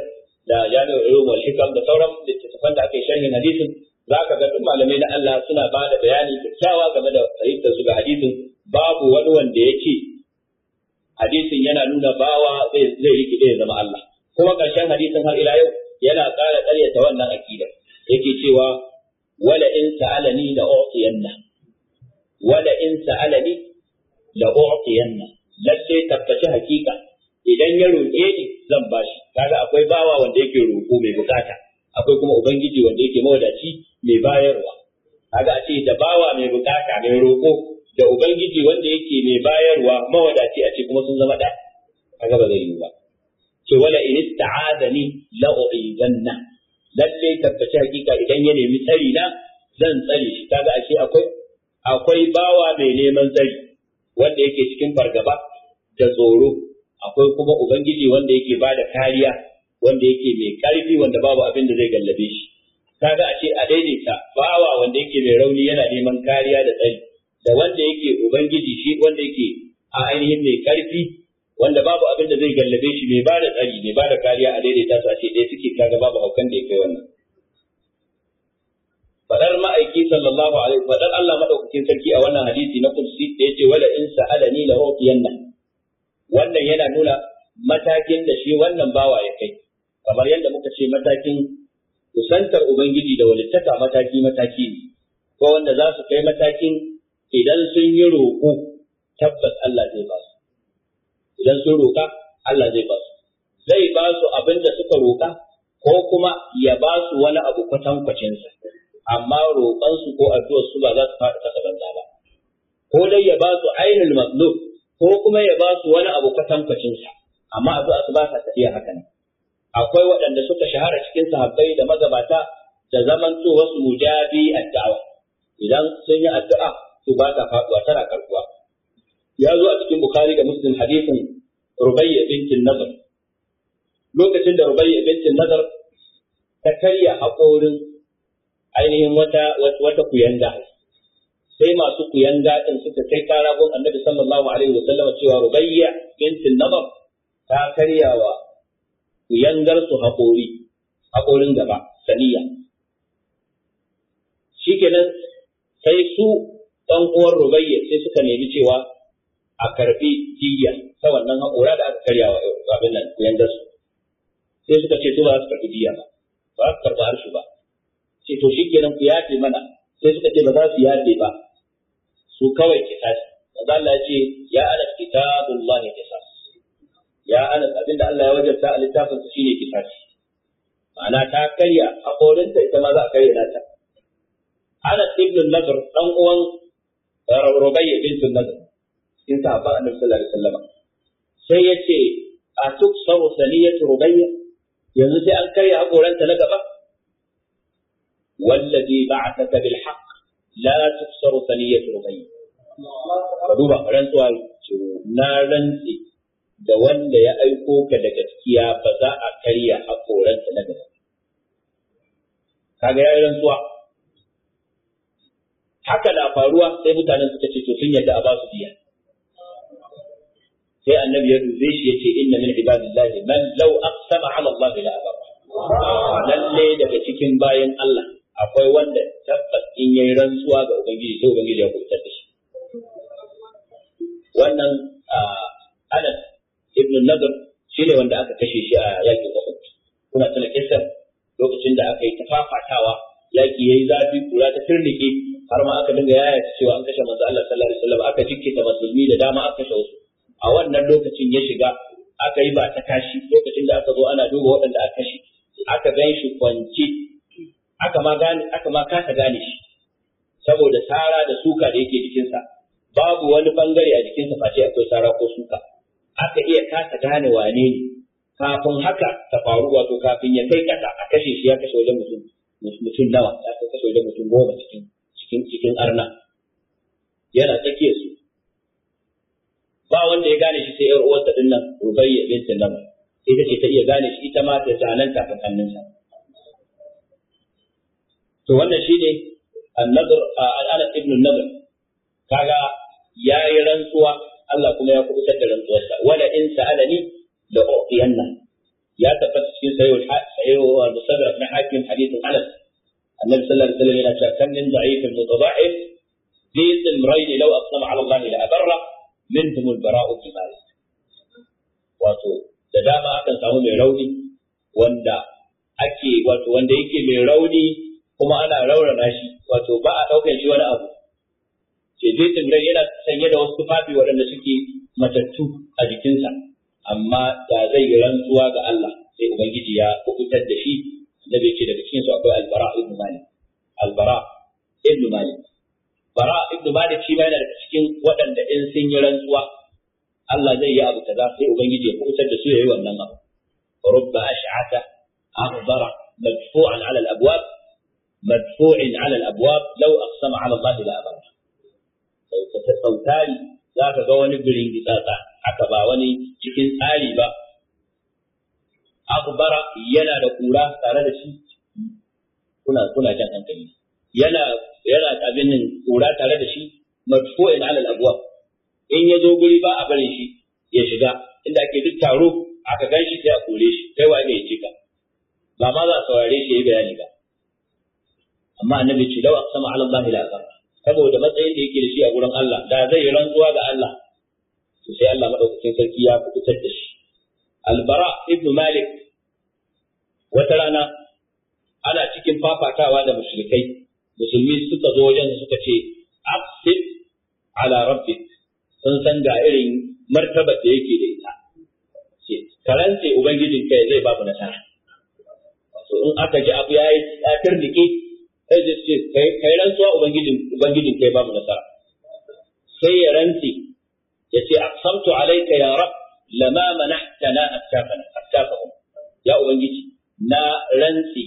da jami'ul ulum wal hikam da sauran littattafan da ake sharhin hadisin za ka ga duk malamai na Allah suna ba da bayani kyakkyawa game da fahimtar su ga hadisin babu wani wanda ya ce hadisin yana nuna bawa zai rikide ya zama Allah kuma ƙarshen hadisin har ila yau yana ƙara ƙaryata wannan aƙida yake cewa wala in sa'alani la u'tiyanna wala in sa'alani la hakika idan ya roƙe ni zan bashi kaga akwai bawa wanda yake roƙo mai bukata akwai kuma ubangiji wanda yake mawadaci mai bayarwa kaga a ce da bawa mai bukata mai roƙo da ubangiji wanda yake mai bayarwa mawadaci a ce kuma sun zama ɗaya kaga ba zai yi ba ce wala in ista'azani la u'idanna Lallai, tabbaci hakika idan ya nemi tsari na zan tsare shi kaga ashe akwai akwai bawa mai neman tsari wanda yake cikin fargaba da tsoro akwai kuma ubangiji wanda yake da kariya wanda yake mai karfi wanda babu abin da zai gallabe shi kaga ashe a daidaita bawa wanda yake mai rauni yana neman kariya da tsari da wanda yake ubangiji shi wanda yake a ainihin mai karfi wanda babu abin da zai gallabe shi ba bada tsari ba da kariya a daidaita su a ce suke kaga babu haukan da ya kai wannan Faɗar ma'aiki sallallahu alaihi faɗar Allah madaukakin sarki a wannan hadisi na kursi da ce wala in sa'alani la uqiyanna wannan yana nuna matakin da shi wannan bawa ya kai kamar yadda muka ce matakin kusantar ubangiji da walittaka mataki mataki ne ko wanda za su kai matakin idan sun yi roƙo tabbas Allah zai ba su idan sun roƙa Allah zai ba su zai ba su abin da suka roƙa ko kuma ya ba su wani abu sa amma roƙansu ko addu'ar su ba za su faɗi kasa banza ba ko dai ya ba su ainul mazlum ko kuma ya ba su wani abu sa amma addu'a su ba sa tafiya haka ne. akwai waɗanda suka shahara cikin sahabbai da magabata da zaman to su mujabi addu'a idan sun yi addu'a su ba ta faɗuwa tana karkuwa ya zo a cikin bukhari da muslim hadisin rubayya bintin nazar lokacin da rubayya bintin nazar ta karya haƙorin ainihin wata wata sai masu kuyanga din suka kai kara gun annabi sallallahu alaihi wa sallam cewa rubayya bintin nazar ta karyawa kuyangar su haƙorin gaba saniya shikenan sai su ɗan uwan rubayya sai suka nemi cewa a karbi jiya ta wannan haƙura da aka karya wa abin nan yanda su sai suka ce to ba su karbi jiya ba ba su karbi harshe ba ce to shi kenan ku yafe mana sai suka ce ba za su yafe ba su kawai kisasi manzo Allah ya ce ya ana kitabullahi kisas ya ana abinda Allah ya wajabta a littafin su shine kisasi ma'ana ta karya haƙorinta ita ma za a karya nata Anas ibn Nadr dan uwan Rubayya bint Nadr cikin sahabban annabi sallallahu alaihi wasallam sai ya ce a tuk sau saniyatu rubayya yanzu sai an karya hakoranta na gaba wallazi ba'athaka bil haqq la tuksar saniyatu rubayya ka duba rantsuwa na rantsi da wanda ya aiko ka da gaskiya ba za a karya hakoranta na gaba kaga yayin rantsuwa haka na faruwa sai mutanen suka ce to sun yadda a ba su biya sai annabi ya dube shi yace inna min ibadillahi man law aqsama ala Allah la abara lalle daga cikin bayan Allah akwai wanda tabbas in yayi rantsuwa ga ubangiji sai ubangiji ya kubutar da shi wannan Anas ibn Nadr shine wanda aka kashe shi a yakin Uhud kuma tana kissar lokacin da aka yi tafafatawa yaki yayi zafi kura ta tirnike har ma aka dinga yaya cewa an kashe manzo Allah sallallahu alaihi wasallam aka jikke ta musulmi da dama aka kashe wasu a wannan lokacin ya shiga aka yi ba ta kashi lokacin da aka zo ana duba waɗanda aka shi aka gan shi kwance aka ma gane aka ma kasa gane shi saboda tsara da suka da yake jikinsa babu wani bangare a jikinsa face akwai tsara ko suka aka iya kasa gane wane ne kafin haka ta faru wato kafin ya kai kasa a kashe shi ya kashe wajen mutum mutum nawa ya kashe wajen mutum goma cikin cikin cikin arna yana tsakiyar su ba wanda ya gane shi sai yar uwarsa din nan rubayya bint nabi ita ce ta iya gane shi ita ma ta zalanta ta kallinsa to wannan shine an-nadr al ala ibn an-nadr kaga yayi rantsuwa Allah kuma ya kubutar da rantsuwarsa wala in sa'alani la u'tiyanna ya tabbata cikin sayyid sayyid al-musaddaq na hakim hadith al Anas annabi sallallahu alaihi wasallam yana cewa kan min da'if mutada'if bi ismrayn law aqsama ala Allah la abarra minhum al-bara'u kifaya wato da dama akan samu mai rauni wanda ake wato wanda yake mai rauni kuma ana raurana shi wato ba a ɗaukar shi wani abu ce zai tsibirai yana sanye da wasu tufafi waɗanda suke matattu a jikinsa amma da zai yi rantsuwa ga Allah sai ubangiji ya kubutar da shi bai ce daga cikin su akwai albara ibn malik albara Ibnu malik bara ibnu malik shi ma yana da cikin waɗanda in sun yi rantsuwa Allah zai yi abu kaza sai ubangiji ya kubutar da su yayi wannan abu rubba ash'ata akbara madfu'an 'ala al-abwab madfu'in 'ala al-abwab law aqsama 'ala Allah la abara sautari za zaka ga wani birin gitsatsa haka ba wani cikin tsari ba akbara yana da kura tare da shi kuna kuna jan hankali yana yana abin kura tare da shi madfu'in ala al-abwab in ya zo guri ba a barin shi ya shiga inda ake duk taro aka gan shi sai a kore shi kai wane ya cika ba ma za a saurare shi ya yi bayani ba amma annabi ce law aqsama ala Allah la aqama saboda matsayin da yake da shi a gurin Allah da zai yi rantsuwa ga Allah to sai Allah madaukakin sarki ya fitar da shi albara ibn malik wata rana ana cikin fafatawa da mushrikai musulmi suka zo wajen suka ce aqsid ala rabbi sun san ga irin martaba da yake da ita ce karance ubangijin kai zai babu nasara to in aka ji abu yayi ya tirnike sai ya ce kai kai rantsuwa ubangijin ubangijin kai babu nasara sai ya rantsi ya ce aqsamtu alayka ya rab lama mana'tana attafana attafahum ya ubangiji na rantsi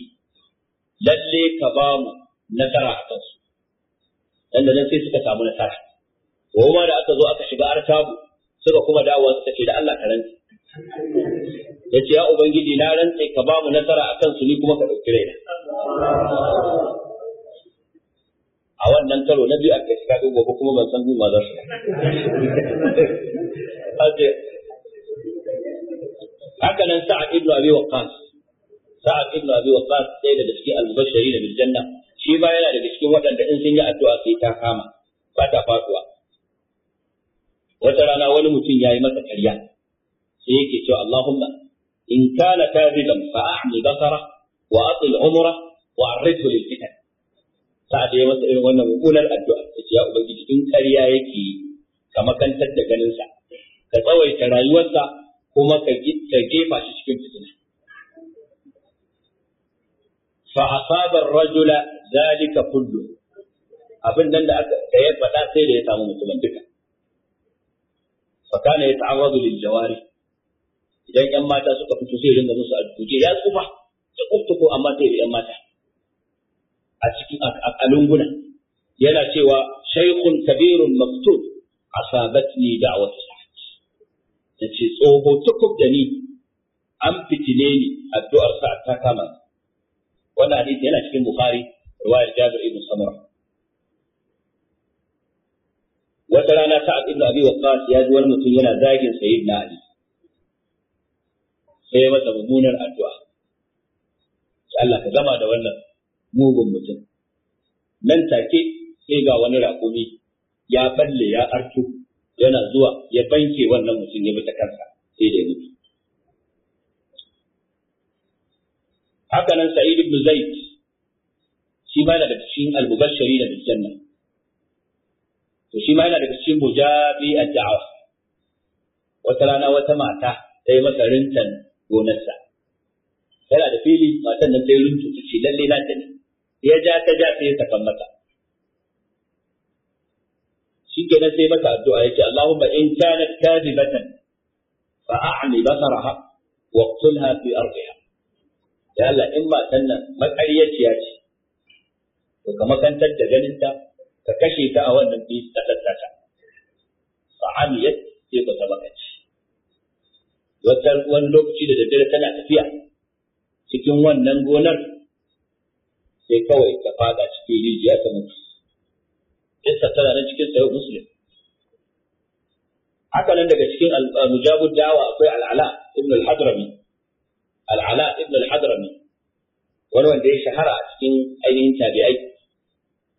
lalle ka bamu nasara a kansu dan da sai suka samu nasara gobe ma da aka zo aka shiga artabu suka kuma dawo suka ce da Allah ka Ya yace ya ubangiji na rantse ka ba mu nasara akan su ni kuma ka dauki raina a wannan karo na biyu aka shiga gobe kuma ban san ma za su haka nan sa'ad ibnu abi waqas sa'ad ibnu abi waqas sai da cikin al-mubashirin bil janna shi ba yana daga cikin waɗanda in sun yi addu'a sai ta kama ba ta faduwa wata rana wani mutum ya yi masa karya sai yake cewa Allahumma in kana kaziban fa a'mi basara wa atil umra wa arridhu lil fitan sa'ad ya masa irin wannan mummunar addu'a yace ya ubangiji in karya yake ka makantar da ganin sa ka tsawaita rayuwarsa kuma ka gefa shi cikin fitina fa asaba ar-rajula dhalika kullu abin nan da aka ya faɗa sai da ya samu mutumin duka fa ya yata'arradu lil jawari idan yan mata suka fito sai ringa musu addu'a ya tsufa ya kuftuko amma sai yan mata a cikin akalunguna yana cewa shaykhun kabirun maktub asabatni da'watu sa'at yace tsoho tukub da ni an fitine ni addu'ar sa ta kama wannan hadisi yana cikin bukhari riwayar jabir ibn samarwa. wata rana ta da abin wa ya ji wani mutum yana zagin na ali sai masa mummunar addu'a sai Allah ka gama da wannan mugun mutum nan take sai ga wani raƙumi ya balle ya artu yana zuwa ya banke wannan mutum ya mutu kansa sai da ya mutu haka nan sa'id zaid shi ma daga cikin al-mubashshirin da janna to shi ma yana daga cikin mujabi ad-da'wa wata rana wata mata ta yi masa rintan gonarsa yana da fili matan nan ta yi rintu ta ce lalle na ta ne ya ja ta ja sai ya sakan mata shi kenan sai mata addu'a ya ce? Allahumma in kanat kadibatan fa a'mi basaraha wa qtulha fi ardiha ya Allah in matan nan makariyaciya ce to ka makantar da ta. ka kashe ta a wannan bi ta tattata fa'amiyat sai ku ta ci. wata wani lokaci da daddare tana tafiya cikin wannan gonar sai kawai ta fada cikin rijiya ta mutu kissa tana nan cikin sayo muslim haka nan daga cikin mujabud dawa akwai al'ala ibn al-hadrami al'ala ibn al-hadrami wani wanda ya shahara a cikin ainihin tabi'ai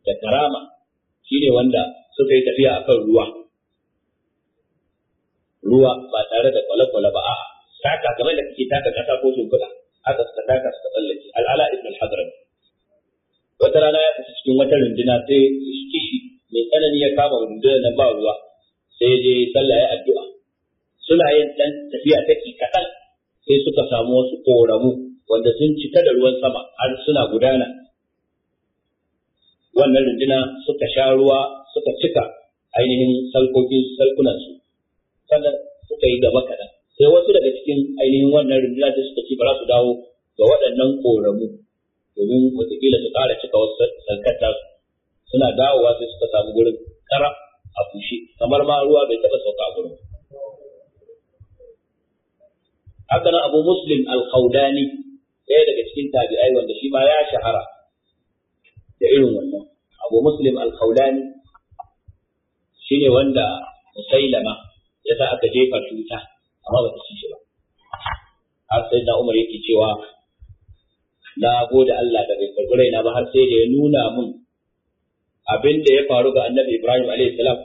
da karama Shi ne wanda suka yi tafiya a kan ruwa ruwa ba tare da kwale-kwale ba a'a taka game da kake taka kasa ko shimfiɗa haka suka taka suka tsallake al'ala ibn al-hadram wata rana ya tafi cikin wata runduna sai kishi mai tsanani ya kama rundunar nan ba ruwa sai je sallah ya addu'a suna yin dan tafiya take kaɗan sai suka samu wasu ƙoramu wanda sun cika da ruwan sama har suna gudana wannan runduna suka sha ruwa suka cika ainihin salkokin salkunan sannan suka yi gaba kaɗan sai wasu daga cikin ainihin wannan runduna da suka ci ba za su dawo ga waɗannan koramu domin wataƙila su ƙara cika wasu salkata suna dawowa sai suka samu gurin ƙara a fushi. kamar ma ruwa bai taɓa sauka a gurin haka abu muslim al-khawdani ɗaya daga cikin tabi'ai wanda shi ma ya shahara da irin wannan abu muslim al Shi shine wanda musailama ya sa aka jefa cuta amma ba ta ci shi ba har sai da umar yake cewa na gode Allah da bai karbi raina ba har sai da ya nuna mun abin da ya faru ga annabi Ibrahim alaihi salam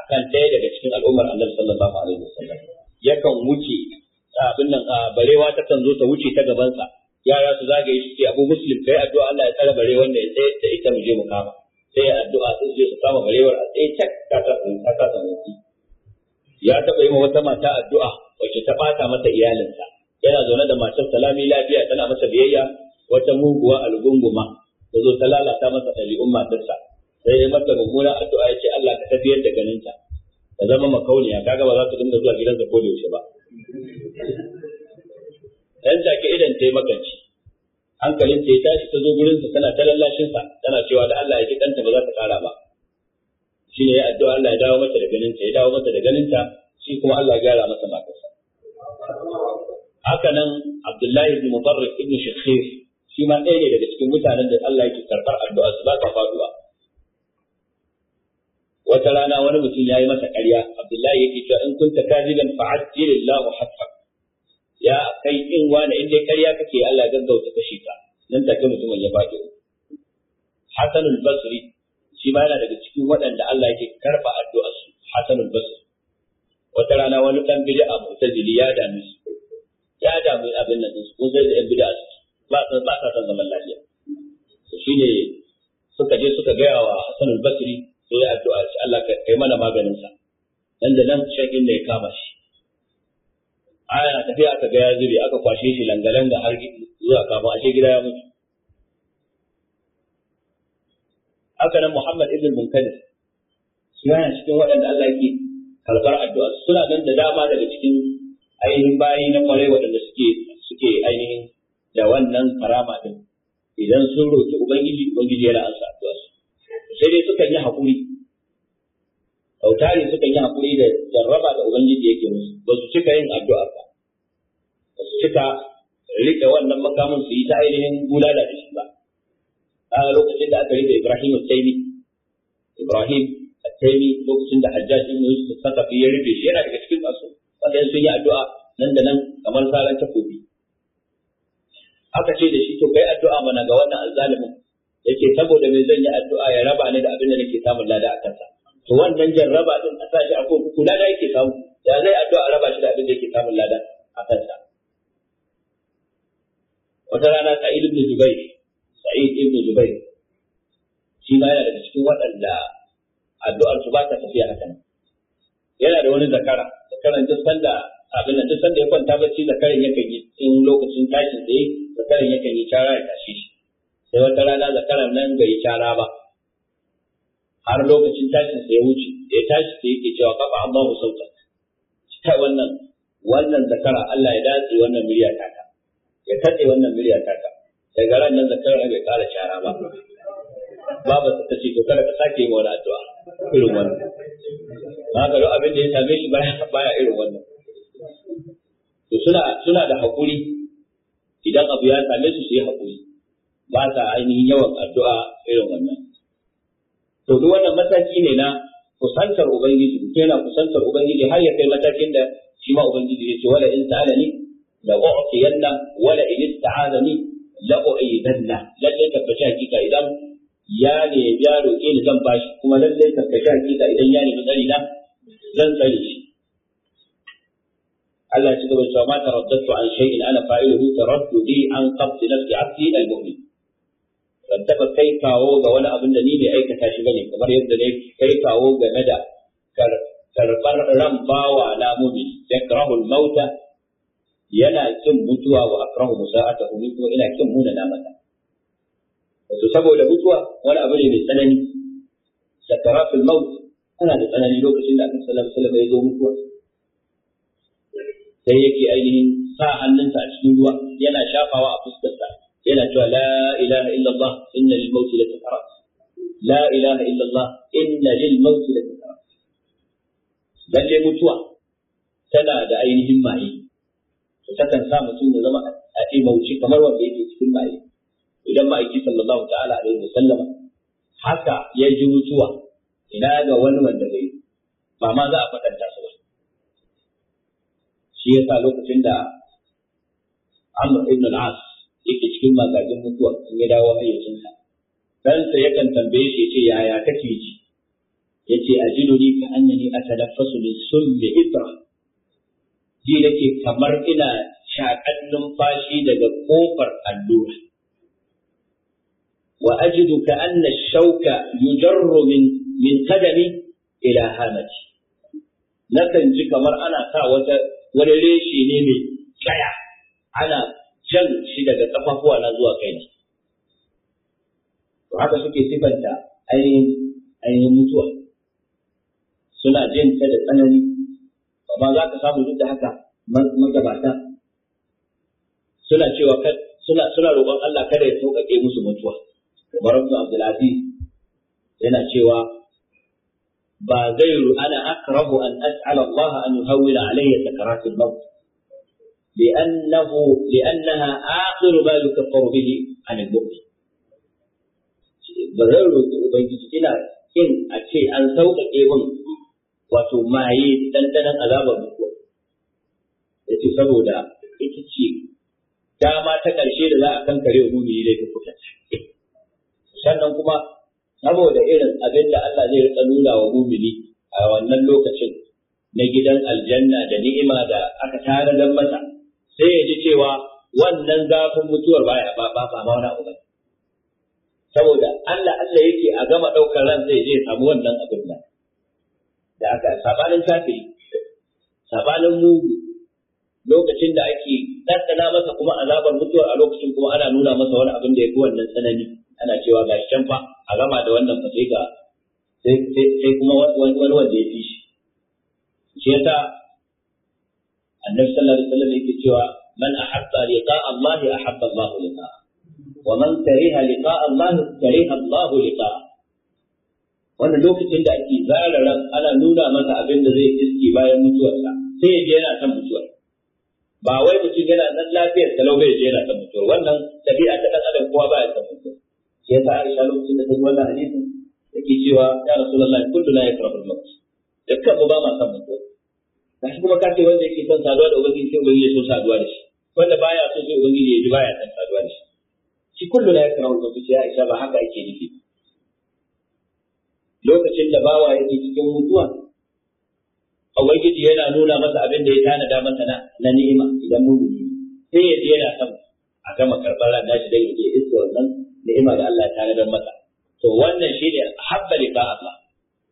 akan ɗaya daga cikin al'ummar annabi sallallahu alaihi wasallam yakan wuce abin nan barewa ta kan zo ta wuce ta gabansa yara su zagaye su ce abu muslim kai addu'a Allah ya tsara bare wanda ya tsaye da ita mu mu kama sai ya addu'a sun je su kama barewar a tsaye cak ta ta ta ta ya taɓa yi wa wata mata addu'a wacce ta ɓata mata iyalinsa yana zaune da matar salami lafiya tana masa biyayya wata muguwa algunguma ta zo ta lalata masa ɗabi'un matarsa sai ya mata mummunan addu'a ya ce Allah ka tafiyar da ganinta ta zama makauniya kaga ba za ta dinga zuwa gidansa ko da yaushe ba dan take idan tai makanci hankalin ta ya tashi ta zo gurin sa tana ta lallashin tana cewa da Allah ya ji ɗanta ba za ta ƙara ba shine ya addu'a Allah ya dawo mata da ganinta, ya dawo mata da ganinta, shi kuma Allah ya gyara masa matarsa Hakanan Abdullahi ibn Mubarrak ibn Shakhir shi ma ɗaya ne daga cikin mutanen da Allah yake karɓar addu'a su ba ta faduwa wata rana wani mutum ya yi masa ƙarya Abdullahi yake cewa in kunta kadiban fa'ajjilillahu hatta ya kai in wani inda karya ƙarya kake Allah ya gaggauta kashe ta, nan take mutumin ya faɗi Hassan al-Basri shi ma yana daga cikin waɗanda Allah yake karba addu'ar su Hassan al-Basri wata rana wani dan bid'a mu'tazili ya dami su ya dami abin nan su ko zai da bid'a su ba sa ba sa san zaman lafiya to shine suka je suka gaya wa Hassan al-Basri sai addu'a shi Allah kai mana maganin sa nan da nan shekin da ya kama shi ana tafiya aka ga ya zube aka kwashe shi langalanga har zuwa kafa ashe gida ya mutu haka nan Muhammad ibn Munkadir suna yana cikin waɗanda Allah yake karɓar addu'a suna nan da dama daga cikin ainihin bayi na kwarai waɗanda suke suke ainihin da wannan karama din idan sun roki ubangiji ubangiji yana ansa addu'a sai dai suka yi haƙuri Kautari suka yi haƙuri da jarraba da Ubangiji yake musu, ba su cika yin addu'a ba, ba su cika riƙe wannan makamun su yi ta ainihin bulala da shi ba. A lokacin da aka riƙe Ibrahim Taimi, Ibrahim Taimi lokacin da Hajjaji ne su saka fiye rufe shi yana daga cikin masu wanda sun yi addu'a nan da nan kamar saran takobi. Aka ce da shi to kai addu'a mana ga wannan alzalimin yake saboda mai zan yi addu'a ya raba ni da abin da nake samun lada a kansa. to wannan jarraba din a sashi a kurkuku lada yake samu da zai addu'a a raba shi da abin da yake samun lada a kansa wata rana sa'id ibn jubair sa'id ibn jubair shi ma yana daga cikin waɗanda addu'ar su ba ta tafiya haka yana da wani zakara zakaran duk sanda abin da duk sanda ya kwanta bacci zakaran yakan yi in lokacin tashin tsaye zakaran yakan yi cara ya tashe shi sai wata rana zakaran nan bai yi cara ba har lokacin tashin sai ya wuce da ya tashi sai yake cewa kafa Allahu sauka. ta wannan wannan zakara Allah ya dace wannan murya ta ta ya tatse wannan murya ta ta daga ran nan zakara bai kara shara ba babu ta ce to kada ka sake yin wani addu'a irin wannan ba ga abin da ya same shi baya baya irin wannan to suna suna da hakuri idan abu ya same su su yi hakuri ba sa ainihin yawan addu'a irin wannan to duk wannan mataki ne na kusantar ubangiji mutum yana kusantar ubangiji har ya kai matakin da shi ma ubangiji ya ce wala in sa'alani la u'tiyanna wala in ista'azani la u'idanna lalle tabbaci hakika idan ya ne ya roƙe ni zan bashi kuma lalle tabbaci hakika idan ya ne tsari na zan tsare shi Allah ya ci gaba da cewa ma taraddatu an shay'in ana fa'iluhu taraddudi an qabdi nafsi abdi al-mu'min ban taɓa kai kawo ga wani abin da ni ne aikata shi bane kamar yadda ne kai kawo game da karɓar ran bawa na mumini yakrahu mauta yana kin mutuwa wa akrahu musa'atahu ni kuma ina kin muna na mata wato saboda mutuwa wani abu ne mai tsanani sakaratul maut ana da tsanani lokacin da annabi sallallahu alaihi wasallam ya zo mutuwa sai yake ainihin sa hannunsa a cikin ruwa yana shafawa a fuskarsa yana cewa la ilaha illallah inna lil mauti la sakarat la ilaha illallah inna lil mauti la sakarat lalle mutuwa tana da ainihin maye to takan sa mutum ya zama a imauci kamar wanda yake cikin maye idan ma'aiki sallallahu ta'ala alaihi wa sallama haka ya ji mutuwa ina ga wani wanda zai ba ma za a faɗanta su ba shi yasa lokacin da Amr ibn al-As yake cikin magajin mutuwa in ya dawo hayyacinsa ɗansa yakan tambaye shi ce, yaya kake ji Ya ce, 'A yace ajiduni ka a su da sun da itra ji nake kamar ina shaƙan numfashi daga ƙofar allura wa ajidu ka na shauka yujarru min min qadami ila Na nakan ji kamar ana sa wata wani reshe ne mai kaya ana jan shi daga kafafuwa na zuwa kaina to haka suke sifanta ainihin mutuwa suna jin ta da tsanani amma za ka samu duk da haka magabata suna cewa suna suna roƙon Allah kada ya sauƙaƙe musu mutuwa kamar Abdul Abdulaziz yana cewa ba zai ana akrahu an as'ala Allah an yuhawwila alayya sakarat al-maut لأنه لأنها آخر ما يكفر به عن المؤمن bazan roƙi Ubangiji ina yin a ce an sauƙaƙe min wato maye dandanon azabar mutuwa ya ce saboda ita ce dama ta ƙarshe da za a kankare wa mumini laifin kuka sannan kuma saboda irin abin da Allah zai rika nuna wa mumini a wannan lokacin na gidan aljanna da ni'ima da aka tara masa sai ya ji cewa wannan zafin mutuwar ba ya ba ba ma wani abu saboda Allah Allah yake a gama ɗaukar ran zai je samu wannan abin nan da aka sabanin kafiri sabanin mugu lokacin da ake ɗanɗana masa kuma azabar mutuwar a lokacin kuma ana nuna masa wani abin da ya fi wannan tsanani ana cewa ga can fa a gama da wannan fa sai ga sai kuma wani wanda ya fi shi shi yasa annabi sallallahu alaihi wasallam yake cewa man ahabba liqa'a Allah ahabba Allah liqa'a wa man kariha liqa'a Allah kariha Allah liqa'a wannan lokacin da ake zara ran ana nuna masa abin da zai iske bayan mutuwarsa sai ya je yana kan mutuwar ba wai mutum yana nan lafiyar talau bai je yana kan mutuwar wannan tafiya ta dan adam kowa baya kan mutuwar shi yasa Aisha lokacin da ta ji wannan hadisin take cewa ya Rasulullahi kullu la yakrahu al-maut dukkan mu ba ma kan mutuwar gashi kuma kace wanda yake son saduwa da ubangiji sai ubangiji ya so saduwa da shi wanda baya so sai ubangiji ya ji baya son saduwa da shi shi kullu la yakrahu al-mawt ya isa ba haka ake nufi lokacin da bawa yake cikin mutuwa ubangiji yana nuna masa abin da ya tanada masa na na ni'ima idan mun gudu. sai ya ji yana son a gama karɓar ran shi dan ya je iska wannan ni'ima da Allah ya tanadar masa to wannan shine habba liqa Allah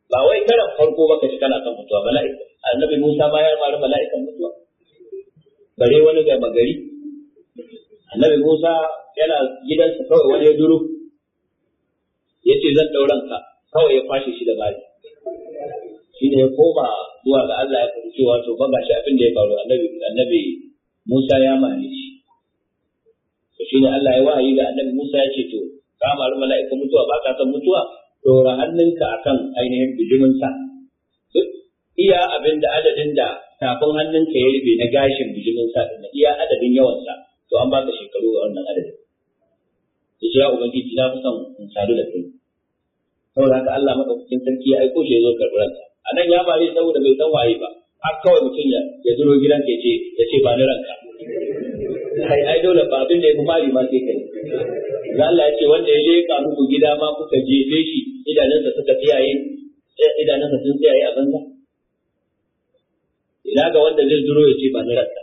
ba wai karan farko ba ka ji kana kan mutuwa mala'ika annabi Musa ma ya mara mala'ika mutuwa bare wani ga magari annabi Musa yana gidansa kawai wani ya duro ya ce zan ka kawai ya kwashe shi da bari shi ne ya koma zuwa ga Allah ya kuma cewa to ban shi abin da ya faru annabi annabi Musa ya mare shi to shi ne Allah ya wahayi ga annabi Musa ya ce to ka mara mala'ika mutuwa ba ka san mutuwa dora hannunka a kan ainihin bijiminsa duk iya abin da adadin da tafin hannunka ya rube na gashin bijiminsa din iya adadin yawansa to an ba ka shekaru ga wannan adadin shi ya ubangiji na fi in sadu da kai saboda haka Allah madaukakin sarki ya aiko shi ya zo karɓar a nan ya faru saboda bai san waye ba har kawai mutum ya ya duro gidan ka ya ce ba ni ranka kai ai dole ba abin da ya fi mari ma sai kai ga Allah ya ce wanda ya leka muku gida ma kuka jefe shi idanunsa suka tsiyaye eh, idanunsa sun tsiyaye a banza ina ga wanda zai duro ya ce ba ni ranka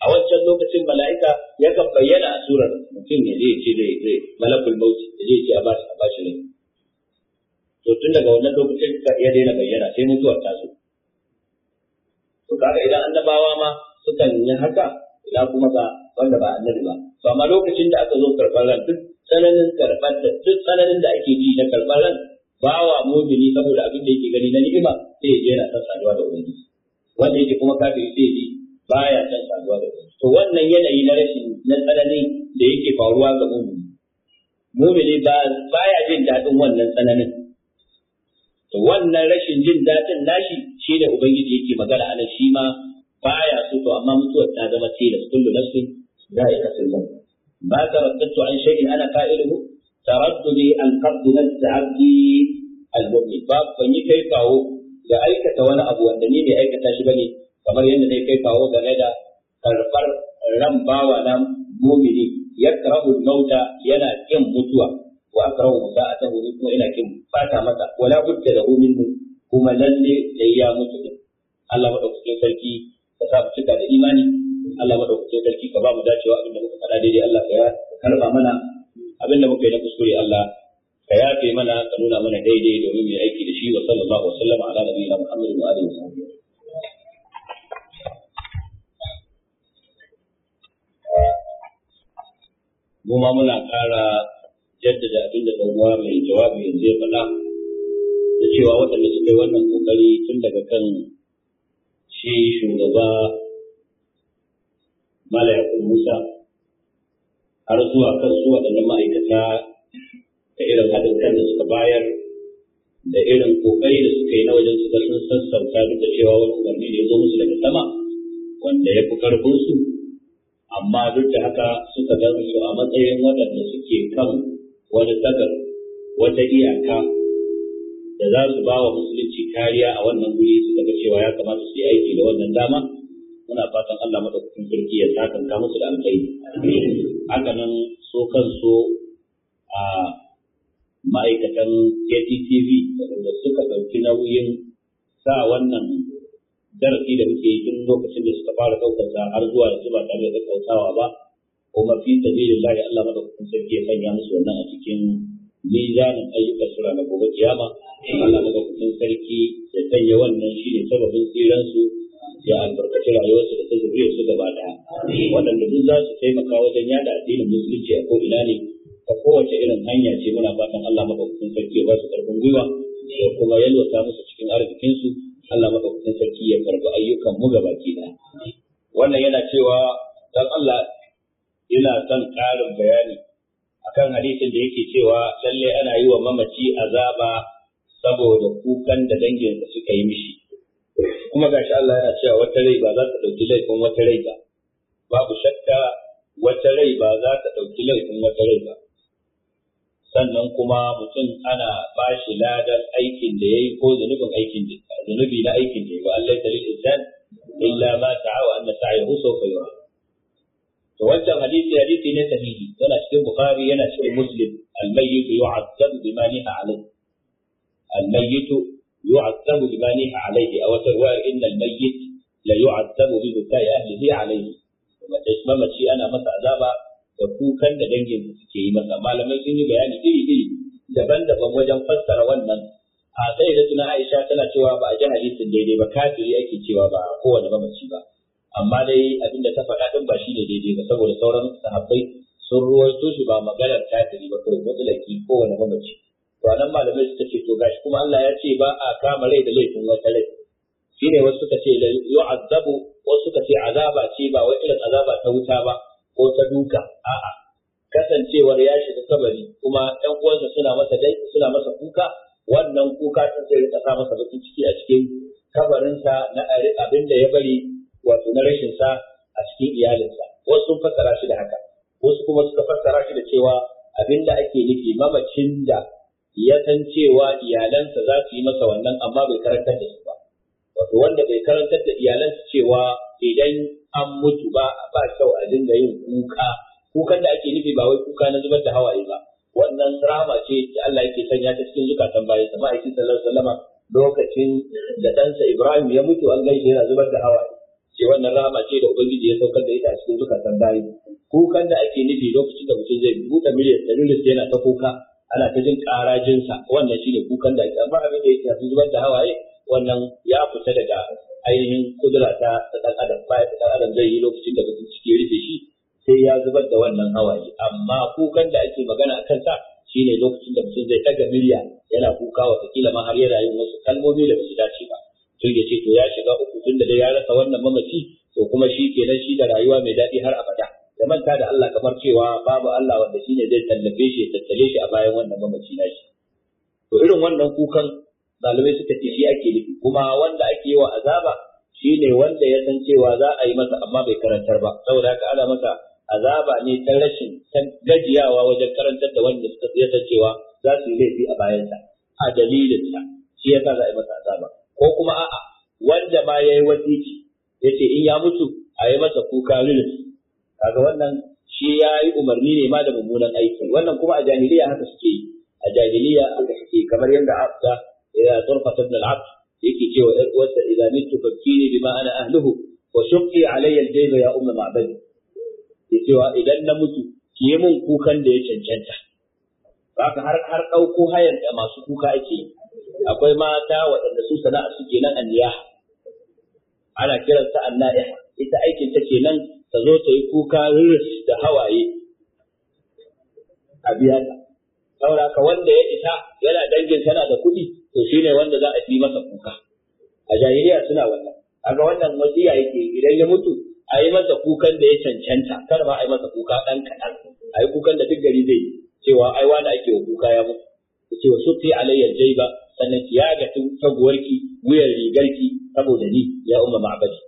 a wancan lokacin mala'ika ya kan bayyana a surar mutum ya je ce zai zai malakul mauti ya je ce a bashi a bashi ne to tun daga wannan lokacin ya daina bayyana sai mutuwar ta zo to kaga idan annabawa ma sukan yi haka ina kuma ba wanda ba annabi ba to amma lokacin da aka zo karɓar ran duk tsananin karɓar da duk tsananin da ake ji na karɓar ran bawa mumini saboda abin da yake gani na ni'ima sai ya je yana son saduwa da ubangiji wanda yake kuma kafiri sai ya baya son saduwa da ubangiji to wannan yanayi na rashin na tsananin da yake faruwa ga mumini mumini ba baya jin daɗin wannan tsananin to wannan rashin jin daɗin nashi shi ne ubangiji yake magana anan shi ma baya so to amma mutuwar ta zama tilas kullu nafsin ذلك سلم ما ترددت عن شيء أنا قائله ترددي أن قصد نفس عبدي المؤمن باب بني كيف هو ga aikata wani abu wanda ni bai aikata shi ne, kamar yadda zai kai kawo game da karfar ran bawa na mumini yakrahu mauta yana kin mutuwa wa akrahu sa'atahu ni kuma ina kin fata masa wala budda da minhu kuma lalle sai ya mutu Allah madaukakin sarki ka sa cika da imani Allah madaukakin sarki ka ba mu dacewa abinda muka faɗa daidai Allah ka ya karba mana abinda muka yi na kuskure Allah ka yafe mana ka nuna mana daidai domin mu aiki da shi wa sallallahu alaihi wa sallam ala nabiyina Muhammadin wa alihi wa mu ma muna ƙara jaddada abin da uwa mai jawabi yanzu ya faɗa da cewa waɗanda suka yi wannan ƙoƙari tun daga kan shi shugaba malayakun musa har zuwa kan su waɗannan ma'aikata da irin haɗin kan da suka bayar da irin ƙoƙari da suka yi na wajen su sun sassauta duk da cewa wani umarni ne zo musu daga sama wanda ya fi su, amma duk da haka suka gan su a matsayin waɗanda suke kan wani tagar wata iyaka da za su ba wa musulunci kariya a wannan guri suka ga cewa ya kamata su yi aiki da wannan dama muna fatan Allah madaukakin sarki ya ka musu da alƙai haka nan so kan so a ma'aikatan KTTV da suka ɗauki nauyin sa wannan darasi da muke yi tun lokacin da suka fara ɗaukar sa har zuwa yanzu ba tare da kautawa ba kuma fi sabilillahi Allah madaukakin sarki ya sanya musu wannan a cikin mizanin ayyukan sura na gobe kiyama Allah madaukakin sarki ya sanya wannan shine sababin tsiransu ya albarkaci rayuwarsu da ta zuriyar su gaba daya waɗanda duk za su taimaka wajen yada addinin musulunci a ko ina ne ta kowace irin hanya ce muna fatan Allah madaukakin sarki ya ba su karfin gwiwa ya kuma yalwata musu cikin arzikinsu Allah madaukakin sarki ya karbi ayyukan mu gaba ki wannan yana cewa dan Allah ina son ƙarin bayani akan hadisin da yake cewa lalle ana yi wa mamaci azaba saboda kukan da danginsa suka yi mishi kuma gashi Allah yana cewa wata rai ba za ta ɗauki laifin wata rai ba babu shakka wata rai ba za ta ɗauki laifin wata rai ba sannan kuma mutum ana bashi shi ladan aikin da ya yi ko zunubin aikin da zunubi na aikin da ya yi wa Allah ta lil insan illa ma sa'a wa anna sa'yahu sawfa yura to wannan hadisi hadisi ne sahihi yana cikin bukhari yana cikin muslim al-mayyit yu'azzab bima niha alayh al-mayyit yu'azzabu bi maniha alayhi a tarwar innal mayyit la yu'azzabu bi bukai ahlihi alayhi mamaci ana masa azaba da kukan da dangin suke yi masa malamai sun yi bayani iri iri daban-daban wajen fassara wannan a sai da tuna Aisha tana cewa ba a ji hadisin daidai ba kafiri ake cewa ba kowane mamaci ba amma dai abinda ta faɗa din ba shine daidai ba saboda sauran sahabbai sun ruwaito shi ba maganar kafiri ba kawai mutulaki kowane mamaci to nan malamai suka ce to gashi kuma Allah ya ce ba a kama rai da laifin wata rai shine wasu suka ce yu'azzabu wasu suka ce azaba ce ba wai irin azaba ta wuta ba ko ta duka a'a kasancewar ya shiga kabari kuma ɗan uwansa suna masa dai suna masa kuka wannan kuka ta sai rika sa masa bakin ciki a cikin kabarinsa na abin da ya bari wato na rashin sa a cikin iyalinsa wasu sun fassara shi da haka wasu kuma suka fassara shi da cewa abin da ake nufi mamacin da ya san cewa iyalansa za su yi masa wannan amma bai karantar da su ba wato wanda bai karantar da iyalansa cewa idan an mutu ba a ba kyau a dinga yin kuka kukan da ake nufi ba wai kuka na zubar da hawaye ba wannan rama ce da Allah yake sanya ta cikin zukatan bayan sa ma'aikin sallallahu alaihi wasallam lokacin da ɗansa Ibrahim ya mutu an gaishe yana zubar da hawaye ce wannan rama ce da ubangiji ya saukar da ita a cikin zukatan bayan kukan da ake nufi lokacin da mutum zai buɗe miliyan da yana ta kuka ana ta jin karajinsa wannan shi ne kukan da ake amma abin da yake tafi zubar da hawaye wannan ya fita daga ainihin kudura ta ɗan adam bayan ɗan adam zai yi lokacin da mutum cike rufe shi sai ya zubar da wannan hawaye amma kukan da ake magana a sa, shi ne lokacin da mutum zai ɗaga miliya yana kuka wa watakila ma har yana yin wasu kalmomi da basu su dace ba tun ya ce to ya shiga uku tun da dai ya rasa wannan mamaci to kuma shi kenan shi da rayuwa mai daɗi har abada ya manta da Allah kamar cewa babu Allah wanda shi ne zai tallafe shi ya tattale shi a bayan wannan mamaci na shi. To irin wannan kukan ɗalibai suka ce shi ake nufi kuma wanda ake yi wa azaba shi ne wanda ya san cewa za a yi masa amma bai karantar ba saboda haka ana masa azaba ne ta rashin gajiyawa wajen karantar da wanda suka ya san cewa za su yi laifi a bayansa a dalilinsa shi yasa za a yi masa azaba ko kuma a'a wanda ma ya yi wasiki ya ce in ya mutu a yi masa kuka lilis kaga wannan shi ya yi umarni ne ma da mummunan aiki wannan kuma a jahiliya haka suke yi a jahiliya haka suke kamar yadda abda ya turfa ibn al-abd yake cewa ɗan uwarsa idan mitu fakkini bi ana ahluhu wa shuqqi alayya al ya umma ma'bad yace cewa idan na mutu ki yi mun kukan da ya cancanta haka har har ɗauko hayar da masu kuka ake akwai mata waɗanda su sana'a suke nan anniya ana kiransa annaiha ita aikin ta kenan ta zo ta yi kuka riris da hawaye a biya saboda ka wanda ya isa yana dangin tana da kuɗi to shine wanda za a yi masa kuka a jahiliya suna wannan kaga wannan wasiya yake idan ya mutu a yi masa kukan da ya cancanta kar ma a yi masa kuka ɗan kaɗan a yi kukan da duk gari zai yi cewa ai wani ake wa kuka ya mutu Ku ce wa sufi alayyar jaiba sannan ki yaga taguwarki wuyar rigarki saboda ni ya umma ma'abadi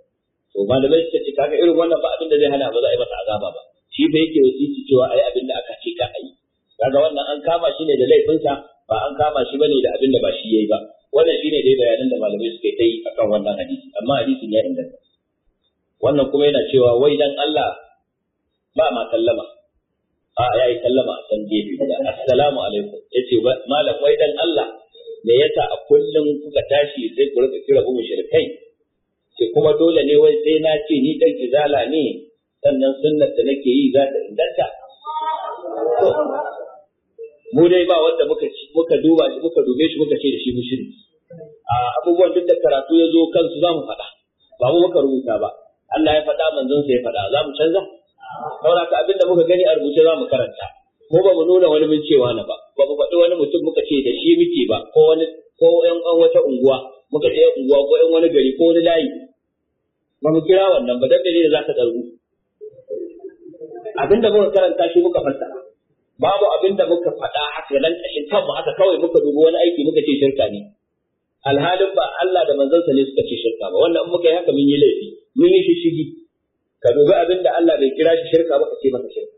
to malamai suka ce kaga irin wannan ba abin da zai hana ba za a yi masa azaba ba shi fa yake wasiki cewa ai abin da aka ce ka ayi kaga wannan an kama shi ne da laifinsa ba an kama shi bane da abin da ba shi yayi ba wannan shine dai bayanan da malamai suka yi akan wannan hadisi amma hadisin ya inganta wannan kuma yana cewa wai dan Allah ba ma sallama a yi sallama a san gefe guda assalamu alaikum yace malam wai dan Allah me yasa a kullum kuka tashi sai ku rika kira mu mushrikai ke kuma dole ne wai sai na ce ni dan kizala ne sannan sunnar da nake yi za ta inganta mu dai ba wanda muka muka duba shi muka dube shi muka ce da shi mushin a abubuwan duk da karatu ya zo kansu za mu faɗa ba mu muka rubuta ba Allah ya faɗa manzon sai ya faɗa za mu canza saboda ka abinda muka gani a rubuce za mu karanta mu ba mu nuna wani mun cewa na ba ba mu faɗi wani mutum muka ce da shi muke ba ko wani ko ƴan wata unguwa muka ce unguwa ko ƴan wani gari ko wani layi ba mu kira wannan ba ne da za ta daru abinda muka karanta shi muka fassara babu abinda muka faɗa haka nan kan mu haka kawai muka dubi wani aiki muka ce shirka ne alhalin ba Allah da sa ne suka ce shirka ba wannan in muka yi haka mun yi laifi mun yi shishigi ka dubi abinda Allah bai kira shi shirka ba ka ce masa shirka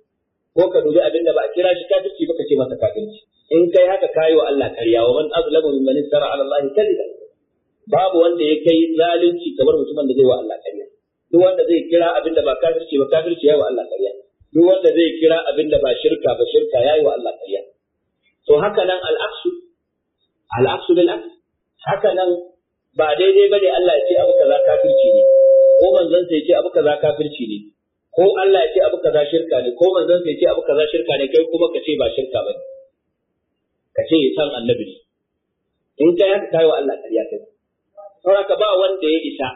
ko ka dubi abinda ba a kira shi kafirci ba ka ce masa kafirci in kai haka kayi wa Allah karya wa man azlamu mimman istara ala Allah kadhiba babu wanda ya kai zalunci kamar mutumin da zai wa Allah ƙarya duk wanda zai kira abin da ba kafirci ba kafirci yayi wa Allah ƙarya duk wanda zai kira abin da ba shirka ba shirka yayi wa Allah ƙarya to haka nan al-aqsu al-aqsu bil aqs haka nan ba daidai bane Allah ya ce abu kaza kafirci ne ko manzon sai ya ce abu kaza kafirci ne ko Allah ya ce abu kaza shirka ne ko manzon sai ya ce abu kaza shirka ne kai kuma ka ce ba shirka bane ka ce san annabi in kai haka kai wa Allah ƙarya kai haka ba wanda ya isa